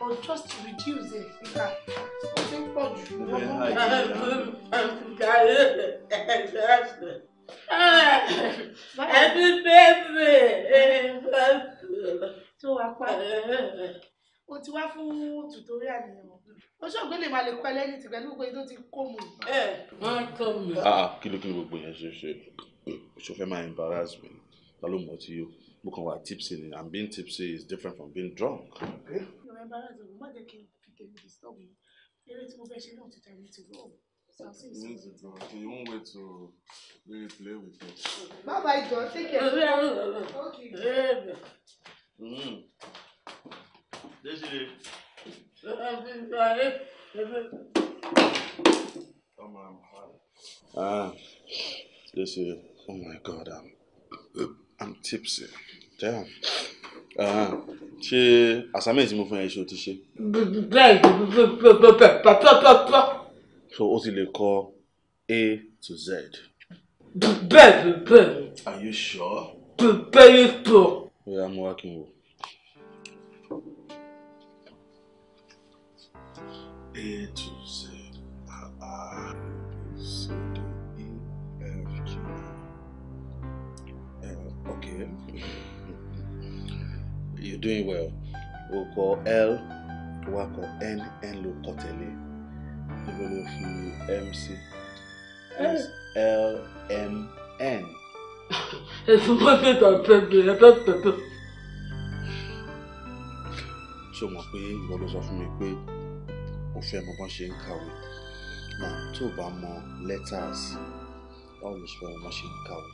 Speaker 2: but just to reduce it nígbà ó ti ń pọ̀ jù. ẹbí
Speaker 6: bẹ́ẹ̀
Speaker 2: tó wá pa o ti wá fún tutorial nìyẹn o ṣọ́ọ̀gbẹ́ lè máa lè kọ́ ẹlẹ́ni tìgbà ní gbogbo ẹni tó ti kó mu.
Speaker 6: ẹ eh,
Speaker 3: wọ́n kọ́ mi. Ah, kí ló kí ló gbogbo yẹn ṣe ṣe ṣe fẹ́ máa embarrass me ta ló mọ̀ tí yó mo kàn tipsy ni and being tipsy is different from being drunk. Okay.
Speaker 6: You're embarrassing.
Speaker 2: zòwò má jẹ́ kí n fi disturb me? You're tí mo fẹ́ ṣe náà ti tẹ̀ mí ti rọ̀. You need to go. You won't wait to really play with me. Bye bye, John. Take care. Okay. This is it. Mm. Desiree.
Speaker 3: Come on. Ah, This is. Oh my God. I'm. I'm tipsy. Damn. Uh, ṣé assignment tí mo fún ẹ ṣe o ti ṣe?
Speaker 5: Bẹ́ẹ̀ bẹ́ẹ̀
Speaker 3: So o ti lè kọ A to Z.
Speaker 1: Bẹ́ẹ̀ bẹ́ẹ̀. Are you sure?
Speaker 3: Bẹ́ẹ̀ tó. Bóyá mo wá kí n wò. A to Z. doing well orúkọ l wakọ n n ló kọ tẹ̀lé níbo ló fi m l m n. ẹ̀sùn máa ń tètè àtẹ̀gbẹ̀ ẹ̀fẹ̀ tètè. ṣé o mọ̀ pé ìwọ ló sọ fún mi pé mo fẹ́ mọ bọ́n ṣe ń kàwé náà tó o bá mọ letters báwo ló sọ fún mi bọ́n ṣe ń kàwé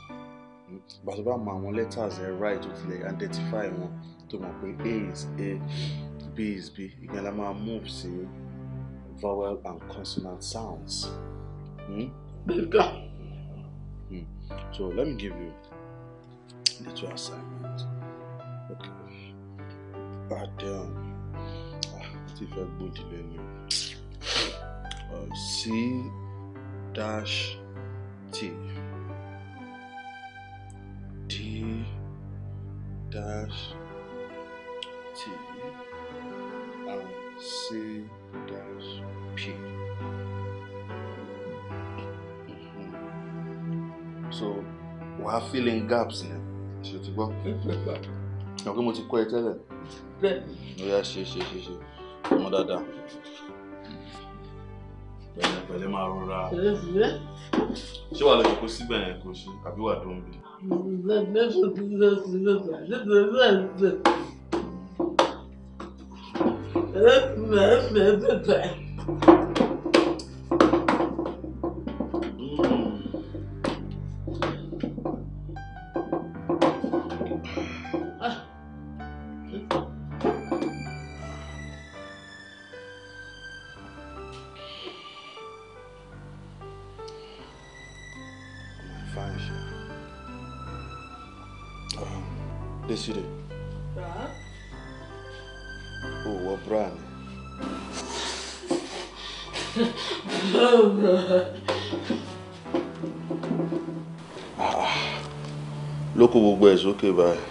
Speaker 3: ìgbà tó bá mọ àwọn letters ẹ right tó tilẹ̀ identify wọn tó mọ̀ pé a is a b is b ìyẹn la máa move sí vowel and consonant sounds. Hmm? hmm. So let me give you the two assignments. Okay. But ah, um, ah, ti fẹ́ gbòdì lẹ́nu uh, c dash t. D dash T and um, C dash P. Mm-hmm. So we are filling gaps here. ṣe ti
Speaker 5: gbọ́. Ṣé o mo ti kọ́ ẹ tẹ́lẹ̀? Bẹ́ẹ̀ni. Ó yá ṣe ṣe ṣe ṣe ọmọ dáadáa.
Speaker 3: Pẹ̀lẹ́ pẹ̀lẹ́ máa rọra. Ṣé wàá lọ jókòó síbẹ̀ yẹn kò ṣe àbí wàá dùn bí?
Speaker 6: Evet,
Speaker 1: evet, evet.
Speaker 3: Desire. Bra? Oh, what bra? ló kó gbogbo ẹ̀ sókè báyìí.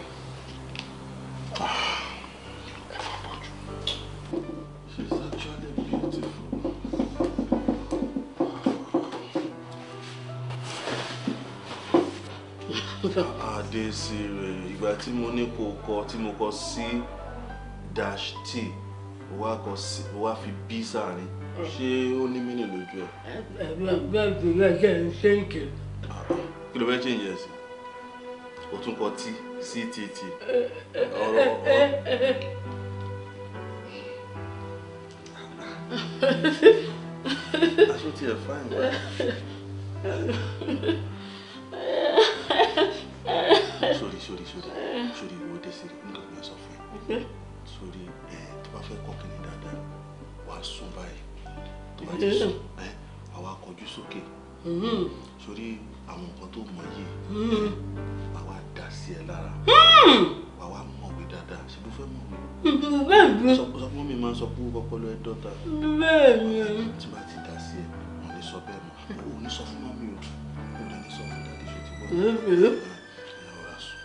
Speaker 3: Adesire ìgbà tí mo ní kó kọ tí mo kọ sí dash t wá kọ sí wá fi b sáàrin ṣé ó ní mí nílò ojú ẹ.
Speaker 5: ẹgbẹ́ ìgbìyànjú ẹ̀jẹ̀ ń ṣe ń kiri.
Speaker 3: kí ló fẹ́ ṣe ìyẹn sí o tún kọ t sí tt ọ̀rọ̀ ọ̀rọ̀. aṣọ tiẹ̀ fáìn báyìí. sórí sórí sórí ìwọ dé sí nǹkan mi sọ fún ẹ sórí ẹ tó bá fẹ́ kọ́ kìnìún dáadáa wà á sùn báyìí tó bá ti eh. sùn ẹ àwa kọjú sókè hmm. sórí àwọn nǹkan tó mọ yìí hmm. àwa dá sí ẹ lára hmm. àwa mọ̀wé dáadáa ṣe ló fẹ́ mọ̀wé. bẹ́ẹ̀ni. sọpọ́ mi máa ń sọ pé ọpọlọ ẹ dọ́ta. bẹ́ẹ̀ni. tí bá ti dá sí ẹ wọn lè sọ bẹ́ẹ̀ mọ́ òun ní sọ fún mọ́mí o òun ní sọ fún dáadé ṣe ti
Speaker 5: wọ́n.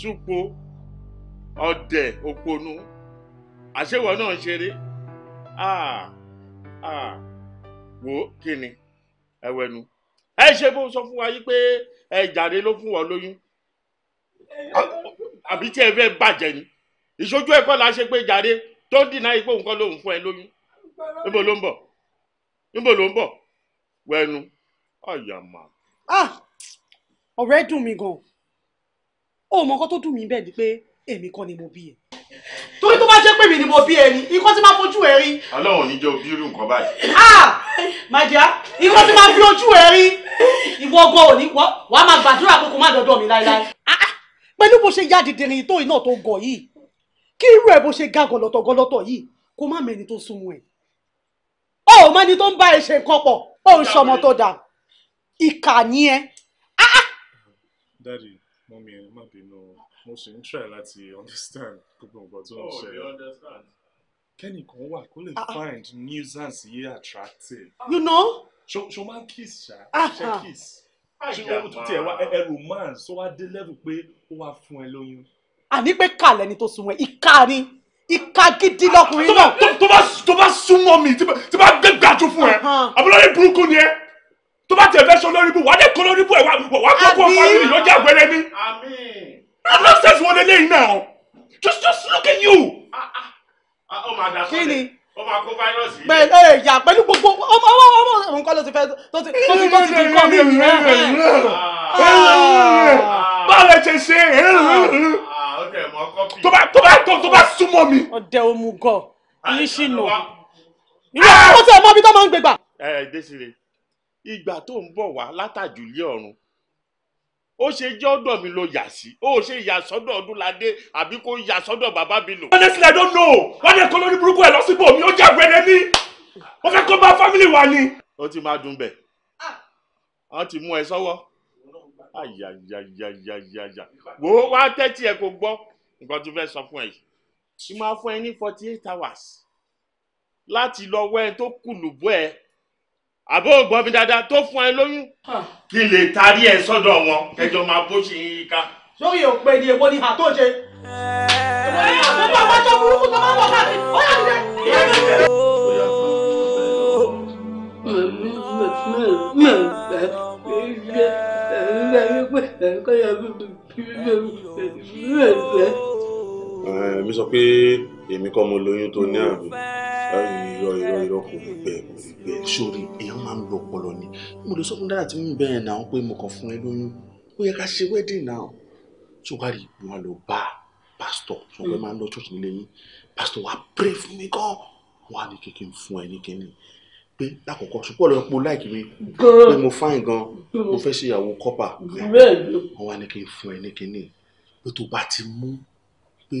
Speaker 3: súpo ọ̀dẹ̀ òpònú àṣewọ̀ náà ń ṣeré wò ó kí ni ẹwẹ́nu ẹ ṣe bó sọ fún wa yí pé ẹ jàre ló fún wọn lóyún àbí tí ẹ fẹ́ bàjẹ́ ni ìṣojú ẹ̀kọ́ la ṣe pé jàre tó ń dìnnà ipò nǹkan lòun fún ẹ lóyún níbo ló ń bọ̀ níbo ló ń bọ̀ wẹ́nu ọ̀yàmà.
Speaker 2: Ah! ọ̀rẹ́ dùn mí gan-an ó mọ nǹkan tó dùn mí bẹ́ẹ̀ ni pé èmi kọ́ ni mo bí ẹ torí tó bá jẹ́ pé mi ni mo bí ẹ ni ikọ́ ti máa fojú ẹ rí. ọlọ́run níjọ́
Speaker 3: bí irú nǹkan báyìí.
Speaker 2: màjá ikọ́ ti máa fi ojú ẹ rí ìwọ ọgọ́ òní wàá máa gbàdúrà kókó má dọ́dọ̀ mi láéláé. Ah, ah!
Speaker 3: pẹ̀lú bó ṣe yá dìdìrín ìtò iná
Speaker 2: tó gọ̀ yìí kí irú ẹ̀ bó ṣe ga gọ̀lọ̀tọ̀ gọ̀lọ̀tọ̀ yìí kó má mẹ́ni tó sunwọ̀n ẹ̀. ó ò mẹ́ni tó ń bá ẹ ṣe nǹkan pọ̀ ó ń ṣọmọ tó dà ìkà ni
Speaker 3: ẹ. Ah, Daddy mọ́ mi má bínú mo sì ń try láti understand gbogbo nǹkan tó ń oh, ṣẹlẹ̀ kẹ́nìkan wà kó lè ah, ah. find nuisance yé attractive. Ah. you know. ṣo máa ń kiss ṣá ṣe kiss
Speaker 2: ṣe o tún tiẹ̀ wá
Speaker 3: ẹrù man ṣó wá dé level pé ó wá fún ẹ lóyún. àní
Speaker 2: pé kàlẹ́ ni tó sun ẹ ìka ni ìka gidi lọkùnrin náà. tó bá súnmọ́
Speaker 3: mi tí bá gbẹ́gbẹ́ àjò fún ẹ àbúrò ní burúkú ni ẹ tó bá tẹ̀ fẹ́ sọ lórí bù wà á dẹ̀ kọ́ lórí bù ẹ̀ wà á kọ́kọ́ fámìlì lọ́jà àgbẹ̀rẹ̀ ni. na nonsense wọn lélẹ́yìn náà just just look at you. Ah, ah, ah, kí ni bẹ́ẹ̀
Speaker 2: ẹ yà pẹ̀lú gbogbo ọmọ ọmọ ọmọ ọmọ nǹkan ló ti fẹ́ tó ti tó ti tó ti di kọ́ mi rẹ̀
Speaker 7: báàlẹ̀ ṣe ṣe
Speaker 3: tó bá tó bá tó bá súnmọ́ mi. ọdẹ omugan yìí ṣì nù. ìwé ọmọ tí ẹ mọ ibi tó máa ń gbégbà. ẹ ẹ dé sí i ìgbà tó ń bọ̀ wá látàjùlé ọ̀run ó ṣe jẹ́ ọ̀dọ̀ mi ló yà ó ṣe yà sọ́dọ̀ ọdúnládé àbí kó yà bàbá mi lò. honestly i don't know wọn lè kó lórí burúkú ẹ lọ́sibò mi ó jẹ́ àgbẹ̀rẹ̀ ní mo fẹ́ kó bá fámìlì wa ni. ó ti máa dùn bẹ̀ ah. wọ́n ti mú ẹ sọ́wọ́ ayayayayaya wo wá tẹ́tí ẹ kò gbọ́ nǹkan tó fẹ́ sọ fún ẹ yìí ìmọ̀ afọ ẹ ní forty eight hours láti lọ wẹ́ ẹ tó kùlù bọ́ ẹ àbó ògbọ́n mi dáadáa tó fún ẹ lóyún. kí lè tarí ẹ sọ́dọ̀ wọn kẹjọ máa bó ṣe yín ká. sórí òpè ni èwo ni àtó ṣe.
Speaker 7: ìwé àkókò àwọn tó burúkú tó máa ń wọ káàkiri ó yà ní ẹ.
Speaker 3: mi sọ pé èmi kọ́ mo lóyún tó ní àrùn irọ́ irọ́ irọ́ kò rí bẹ́ẹ̀ kò rí bẹ́ẹ̀ sórí èèyàn máa ń lo ọpọlọ ni mo lè sọ fún dára tí mo ń bẹ̀rẹ̀ náà pé mo kàn fún ẹ lóyún ó yẹ ká ṣe wedding náà tí o bá rí mo máa lọ bá pásítọ̀ tí wọ́n máa ń lọ church nílé yín pásítọ̀ wa pray fún mi gan wà ní kékeré fún ẹ ní kíní pé lákòókò ṣùgbọ́n ọ̀rọ̀ epo láìkí mi pé mo fáìn gan mo fẹ́ ṣe ìyàwó kọ́pà wọ́n wá ní kí n fún ẹ ní kíní pé tó bá ti mú pé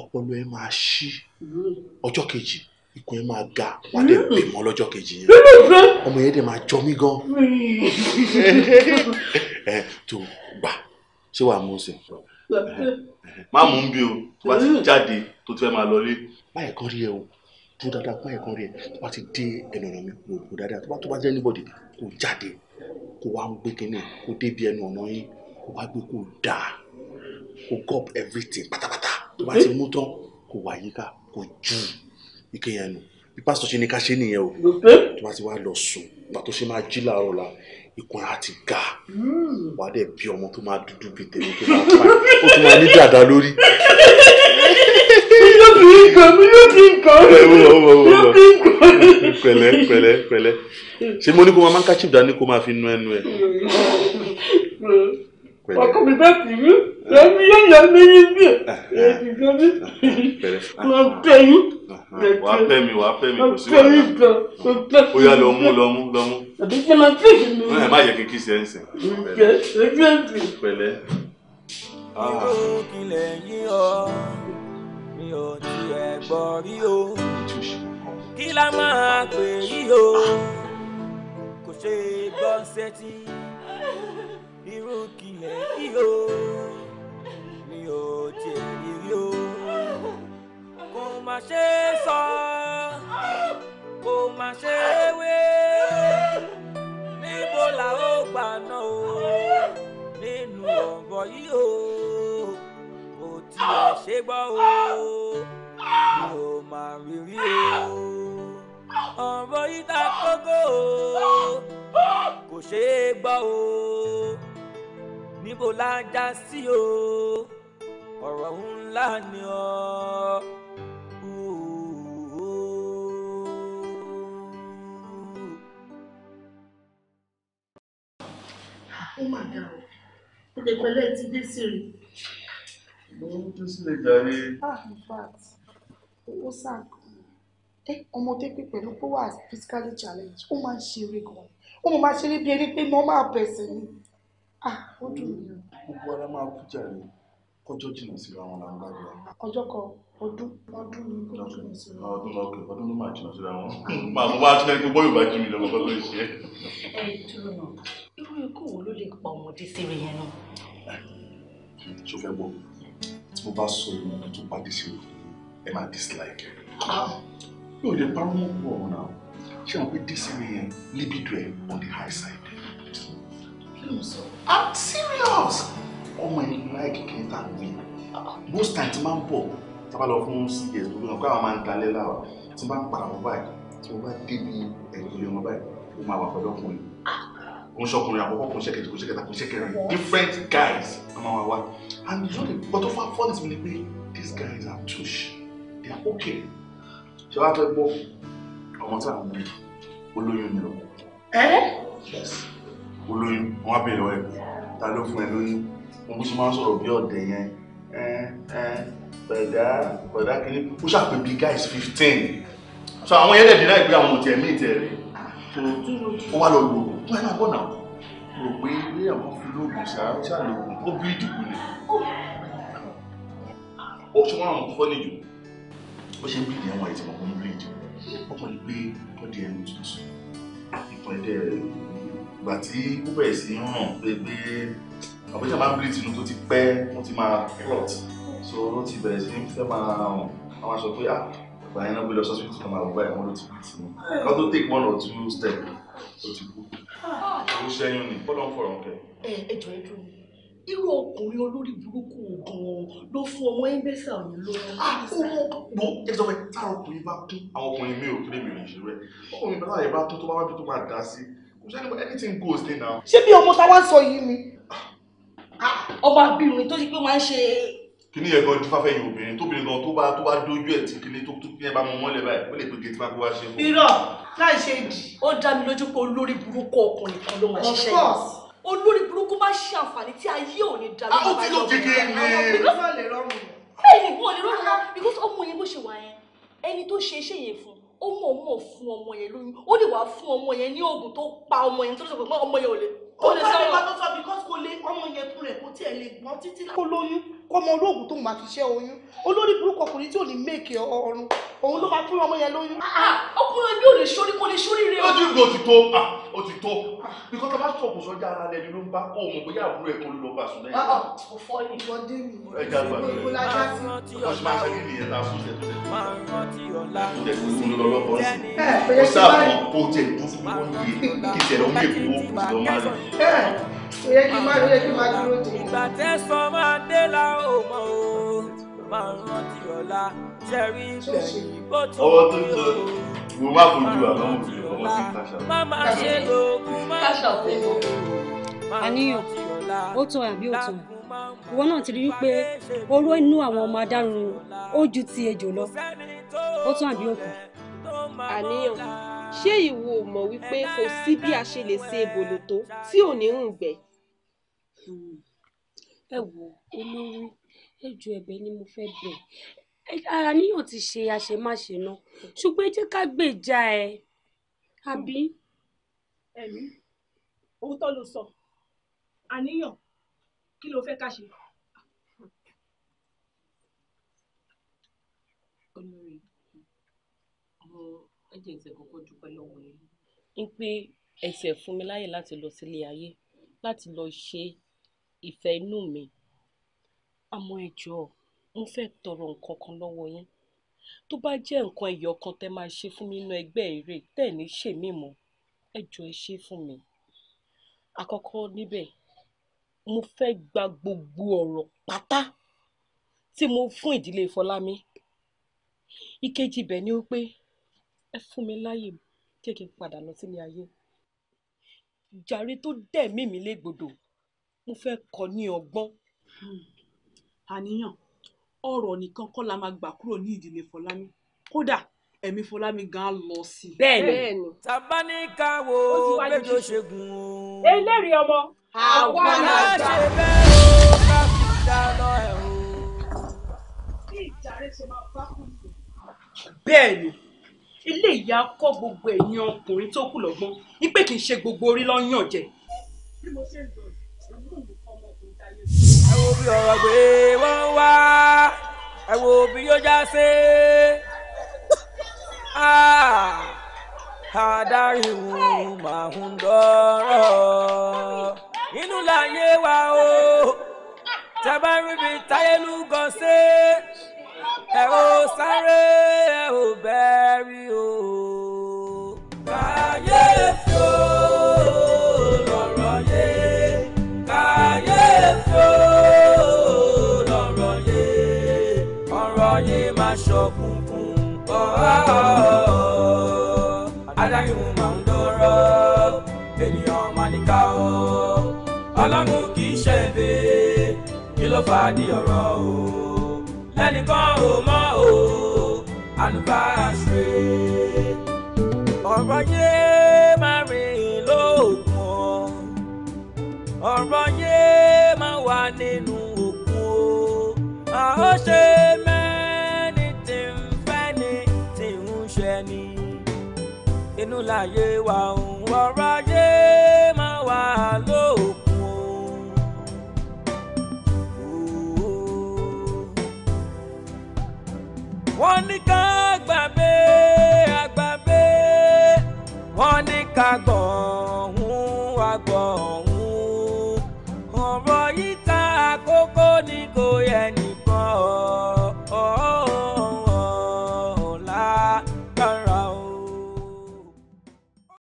Speaker 3: ọpọlọ ẹ máa ṣí ọjọ́ kejì ikùn ẹ máa ga wà á dẹ̀ mm. pè mọ́ lọ́jọ́ kejì yẹn ọmọ yẹn dẹ̀ máa jọ mí gan ẹ tó gbà ṣé wàá mú sí má mú un bí o tó bá ti mm. jáde tó ti fẹ́ máa lọlé. báyìí kan rí ẹ o dúró dáadáa fún ẹ̀kan rí ẹ tó bá ti dé ẹnu ọ̀nà mi kò kò dáadáa tó bá tó bá jẹ́ anybody kò jáde kò wá ń gbé kínní kò débi ẹnu ọ̀nà yín kò wá gbé kò dáa kò gop everything pátápátá tó bá ti mm. mú tán kò wá yíká kò jù ike yẹn nù bí pásítọ̀ ṣe ní ká ṣe nìyẹn o tó bá ti wá lọ sùn ìgbà tó ṣe máa jí làárọ̀ la ikùn á ti ga hmm. wà á dẹ̀ bí ọmọ tó máa dúdú bíi tèmi tó máa fà ó tún máa ní dàda lórí. mi yóò fi nǹkan mi yóò fi nǹkan mi yóò fi nǹkan. pẹ̀lẹ́ pẹ̀lẹ́ pẹ̀lẹ́ ṣé mo ní kó máa máa ká chip dání kó máa fi nu ẹnu ẹ.
Speaker 7: Hmm.
Speaker 2: Hmm pẹ̀lẹ́. ọkọ mi bẹ kì í lẹbi yóò yọ mí ní bí ìdíjọbí wọn pẹ yín.
Speaker 3: Ah, ah, wàá pẹ mi wàá pẹ mi kò sí wàhálà ó yá lọ mú lọ mú lọ mú. àbí kí n máa pè é mi. ẹ má yẹ kí kí sẹ
Speaker 1: ń sìn. ǹjẹ́ ẹgbẹ́ ẹ̀sìn. pẹ̀lẹ́. irú kílẹ̀ yín ọ mi ò tiẹ̀ gbọ́ rí ah. o kí la máa pè yí o kò ṣe é gbọ́ sétí irú kílẹ̀ yìí o mi ò tiẹ̀ rí o kò má ṣe sọ kò má ṣe wé níbo la ó gbà náà o nínú ọ̀bọ̀ yìí o kò tiẹ̀ ṣe gbọ́ o mi ò má rí o ọ̀rọ̀ yìí ta kókó o kò ṣeé gbọ́ o níbo la já sí o ọ̀rọ̀ ńlá ni ọ́.
Speaker 2: ó mà dá o èdè pẹ̀lẹ́ ti dé sí rí.
Speaker 3: mo ń tó sílẹ̀ jàre.
Speaker 2: Ah, in fact owó sàn ọmọdé pé pẹ̀lú pé wà physically challenged ó máa ń ṣeré gan-an ó máa ṣeré bí ẹni pé normal person ni. Ah, ó o.
Speaker 3: gbogbo ara máa kú jàre kọjọ́ jìnnà síra wọn là ń gbàdúrà.
Speaker 2: ọjọ́ kan ọdún ọdún
Speaker 3: ni kò jìnnà síra wọn. ọdún lọkẹ ọdún ló máa jìnnà síra wọn. máa bọ́ bá a tilẹ̀ gbogbo yorùbá jí mi lọ́wọ́ kọ́ ló ń ṣe. ẹ dúró nà irú ikú wo ló lè pa ọmọdé síre yẹn náà. ṣó fẹ́ gbọ́ tí mo bá sọ ìmọ̀ tó bá sí ẹ máa dislike. yóò ah. lè parọ́ mọ́ pọ̀ ọ̀nà ṣé àwọn pé dé síre yẹn libido ẹ̀ on the high side i'm serious ọmọ ẹni láìkì kẹta mi most times máa ń bọ̀ tábà lọ fún cds gbogbo náà kó àwọn máa ń dalẹ̀ lára tí bá ń para wọn báyìí tí wọ́n bá débi ẹ̀yìn ilé wọn báyìí ó máa wà pẹ̀lú ọkùnrin kò ń ṣọkùnrin àkọ́kọ́ kò ń ṣẹ́kẹ̀tì kò ń ṣẹ́kẹ̀tà kò ń ṣẹ́kẹ̀rin different guys ọmọ wa wa and you know the butterfly funny mi ni pé these guys are tush they are okay ṣé wàá fẹ́ gbọ́ ọmọ tí àwọn olóyún ni lọ. ẹ. Eh? yes olóyún wọn á bèèrè ọ̀rẹ́ pé ta ló fún ẹ lóyún wọn bó ṣe máa ń sọ̀rọ̀ bí ọ̀dẹ̀ yẹn bẹ̀dá bẹ̀dá kiri ó ṣàpè bíi guys fifteen so àwọn yẹn dẹ̀dẹ̀ láì pé àwọn ọ̀tí ẹ̀mí ìtẹ̀ rẹ̀ ó wá lọ lò ó wọ́n ẹ̀ máa bọ̀ náà rò pé ilé àwọn fi lóògùn sáà ṣàlòògùn ó bí ìdìbò ni ó ṣe wọ́n àwọn fọ́nì jù ó ṣe ń bìdì àwọn ìtìmọ̀ kan ń bìdì ọkùnrin gbé bọ́dì ẹnu tuntun ìtàn ẹ̀dẹ́ ìgbà tí ó bẹ̀rẹ̀ sí ń ràn pé pé àbújá máa ń bí tinú tó ti pẹ́ wọ́n ti máa plot so ó ti bẹ̀rẹ̀ sí ń fẹ́ máa hàn wọ́n máa sọ pé ah ìgbà yẹn náà gbé lọ sọ́sibítù kan máa wọ báyìí ló ti bí tinú wọ́n tó take one or two steps. ó ti kú ó ṣẹ́yún ni bọ́lá ń fọ̀rọ̀ kẹ.
Speaker 2: ẹ ẹ jọ ẹ dúró irú ọkùnrin olórí burúkú gan-an ló fún ọmọ ẹ̀ńbẹ́sà
Speaker 3: ọ̀hún lọ́wọ́. àkókò gbọ́ ẹjọ́ bẹ táwọn ọkùnrin bá kún àwọn ọkùnrin mi ò kéré mi ò ní ṣe rẹ̀ ọkùnrin bá láyé bá tó tó bá wá bí tó máa dá sí anything goes dey now. ṣé bí ọmọ táwa
Speaker 2: sọ yìí ni ah! ọba bìnrin tó ti pé máa ń ṣe.
Speaker 3: kíní yẹn gan dífá fẹ́yìn obìnrin tóbìnrin gan tó bá tó bá dójú ẹ̀ tí kíní tó kíní ẹ̀ bá mọ mọ́lẹ̀ báyìí ó lè pe gẹ̀ẹ́tì máa kó wá ṣe fún. irọ́
Speaker 2: láì ṣe jì ó dá mi lójú pé olórí burúkú ọkùnrin kan ló máa ṣiṣẹ́ yìí olórí burúkú máa ṣe àǹfààní tí ayé ò ní dá lórí ọba yóò fi kí ni. Ah. because ọmọ yẹn bó ṣe wà yẹn ẹni tó ṣe iṣẹ́ yẹn fún ó mọ̀ mọ̀ fún ọmọ yẹn lóyún ó lè wá fún ọmọ yẹn ní oògùn tó pa ọmọ yẹn tó sọ pé ọmọ yẹn ò lè. ó lè sọ̀rọ̀ ó lè sọ̀rọ̀ because kò lè ọmọ yẹn fún kó tiẹ̀ lè gbọ́n títí. kó lóyún kó mọ olóògùn tó máa fi ṣẹ́ oyún olórí burúkú ọkùnrin tí ò ní méèkì ọrùn òun ló máa fún ọmọ yẹn lóyún. Ah, ah, ọkùnrin mi ò lè ṣorí kó lè ṣorí rẹ. ó ti gbò
Speaker 3: ti tó ah, ó ti tó bíkọ́ tó bá sọ̀kù sọ́jà ara rẹ̀ ló ń bá kó òun bóyá àbúrò ẹ̀ kó ló bá sùn lẹ́yìn.
Speaker 2: ó fọ́ ní ìwọ́dé mi. ẹ já gbà mí ó sì máa ṣe
Speaker 3: kí nìyẹn ta fún tó ṣe. ó sáà fún
Speaker 1: jẹ ìyẹn kí má ìyẹn kí má dúró dé. ìgbà tẹ́sán máa dé la ò mọ̀ o máa rántí ọ̀la ṣẹ́rí ìbẹ̀yìn bó tó wọ́n tó tó
Speaker 3: mo má fojú àbá mo fi
Speaker 1: ọwọ́ sí káṣá. má má ṣe lóògùn má ṣe lóògùn.
Speaker 2: àníyàn ó tó àbí ó tó ìwọ náà ti rí i pé oró inú àwọn ọmọ adárun ó ju ti ejò lọ ó tó àbí ó tó àníyàn ṣé ìwọ ò mọ̀ wípé kò sí bí a ṣe lè ṣe èbòlò tó tí ò ní rùn gbẹ. ẹ wo olórí ẹ ju ẹ̀bẹ̀ ni mo fẹ́ bẹ̀ àníyàn ti ṣe àṣemáṣe náà ṣùgbọ́n ẹ jẹ́ ká gbèjà ẹ àbí. ẹ̀mí òótọ́ ló sọ àníyàn kí ló fẹ́ ká ṣe.
Speaker 6: ẹ jẹ́ ìṣe kọ́kọ́ dúpẹ́ lọ́wọ́ yín.
Speaker 2: ń pé ẹsẹ̀ fún mi láyè láti lọ sílé ayé láti lọ ṣe ìfẹ́ inú mi àmọ́ ẹ jọ̀ọ́ mo fẹ́ tọrọ nǹkan kan lọ́wọ́ yín tó bá jẹ́ nǹkan ẹ̀yọ̀ kan tẹ́ máa ṣe fún mi nínú ẹgbẹ́ eré tẹ́ ní ṣèmí mọ́ ẹ jọ̀ọ́ ẹ ṣe fún mi àkọ́kọ́ níbẹ̀ mo fẹ́ gba gbogbo ọ̀rọ̀ pátá tí mo fún ìdílé Fọlámi ìkejì ibẹ̀ ni wípé ẹ fún mi láàyè kéèké padà lọ sílé ayé jàre tó dẹ̀mí mi légbodò mo fẹ́ kọ́ ní ọgbọ́n. àníyàn ọ̀rọ̀ nìkan kọ́ la máa gbà kúrò ní ìdílé fọlámi kódà ẹ̀mí fọlámi gan lọ sí i.
Speaker 1: tàbá ní ká wo péjọ ṣègùn o. eléèrè ọmọ. àwa náà ṣe bẹ́ẹ̀ o ká fi dá lọ
Speaker 7: ẹ̀ o.
Speaker 2: bí eléyìí á kọ́ gbogbo ẹ̀yin ọkùnrin tó kù lọ́gbọ́n ní pé kì í ṣe gbogbo orí ló ń yàn jẹ.
Speaker 7: bí ẹ
Speaker 1: wo bí ọ̀rọ̀ pé wọ́n wá ẹ wo bí yóò já sí adáríhùn máa ń dọ́rọ̀ inú láyé wa o tẹ́ bá rí mi táyé lúgọ sí ẹ ò sáré ẹ ò bẹ́ẹ̀rí o. kàyéfì o lọ̀rọ̀ yé kàyéfì o lọ̀rọ̀ yé ọ̀rọ̀ yìí máa ṣọ̀kùnkùn adáyún máa ń dọ̀rọ̀ ènìyàn kì í ṣe èdè kí ló fà á di ọ̀rọ̀ o lẹ́nìkan ò mọ̀ o anniversary. ọ̀rọ̀ yé máa rìn lóògùn ọ̀ ọ̀rọ̀ yé máa wà nínú òkun o a ṣe mẹ́ni tí ń fẹ́ ni tí ń ṣe ni inú láyé wa òun ọ̀rọ̀ yé máa wà lóògùn. wọ́n ní ká gbàgbé àgbàgbé wọ́n ní ká gbọ̀hún àgbọ̀hún ọ̀rọ̀ yìí ta àkókò ni kò yẹ ní.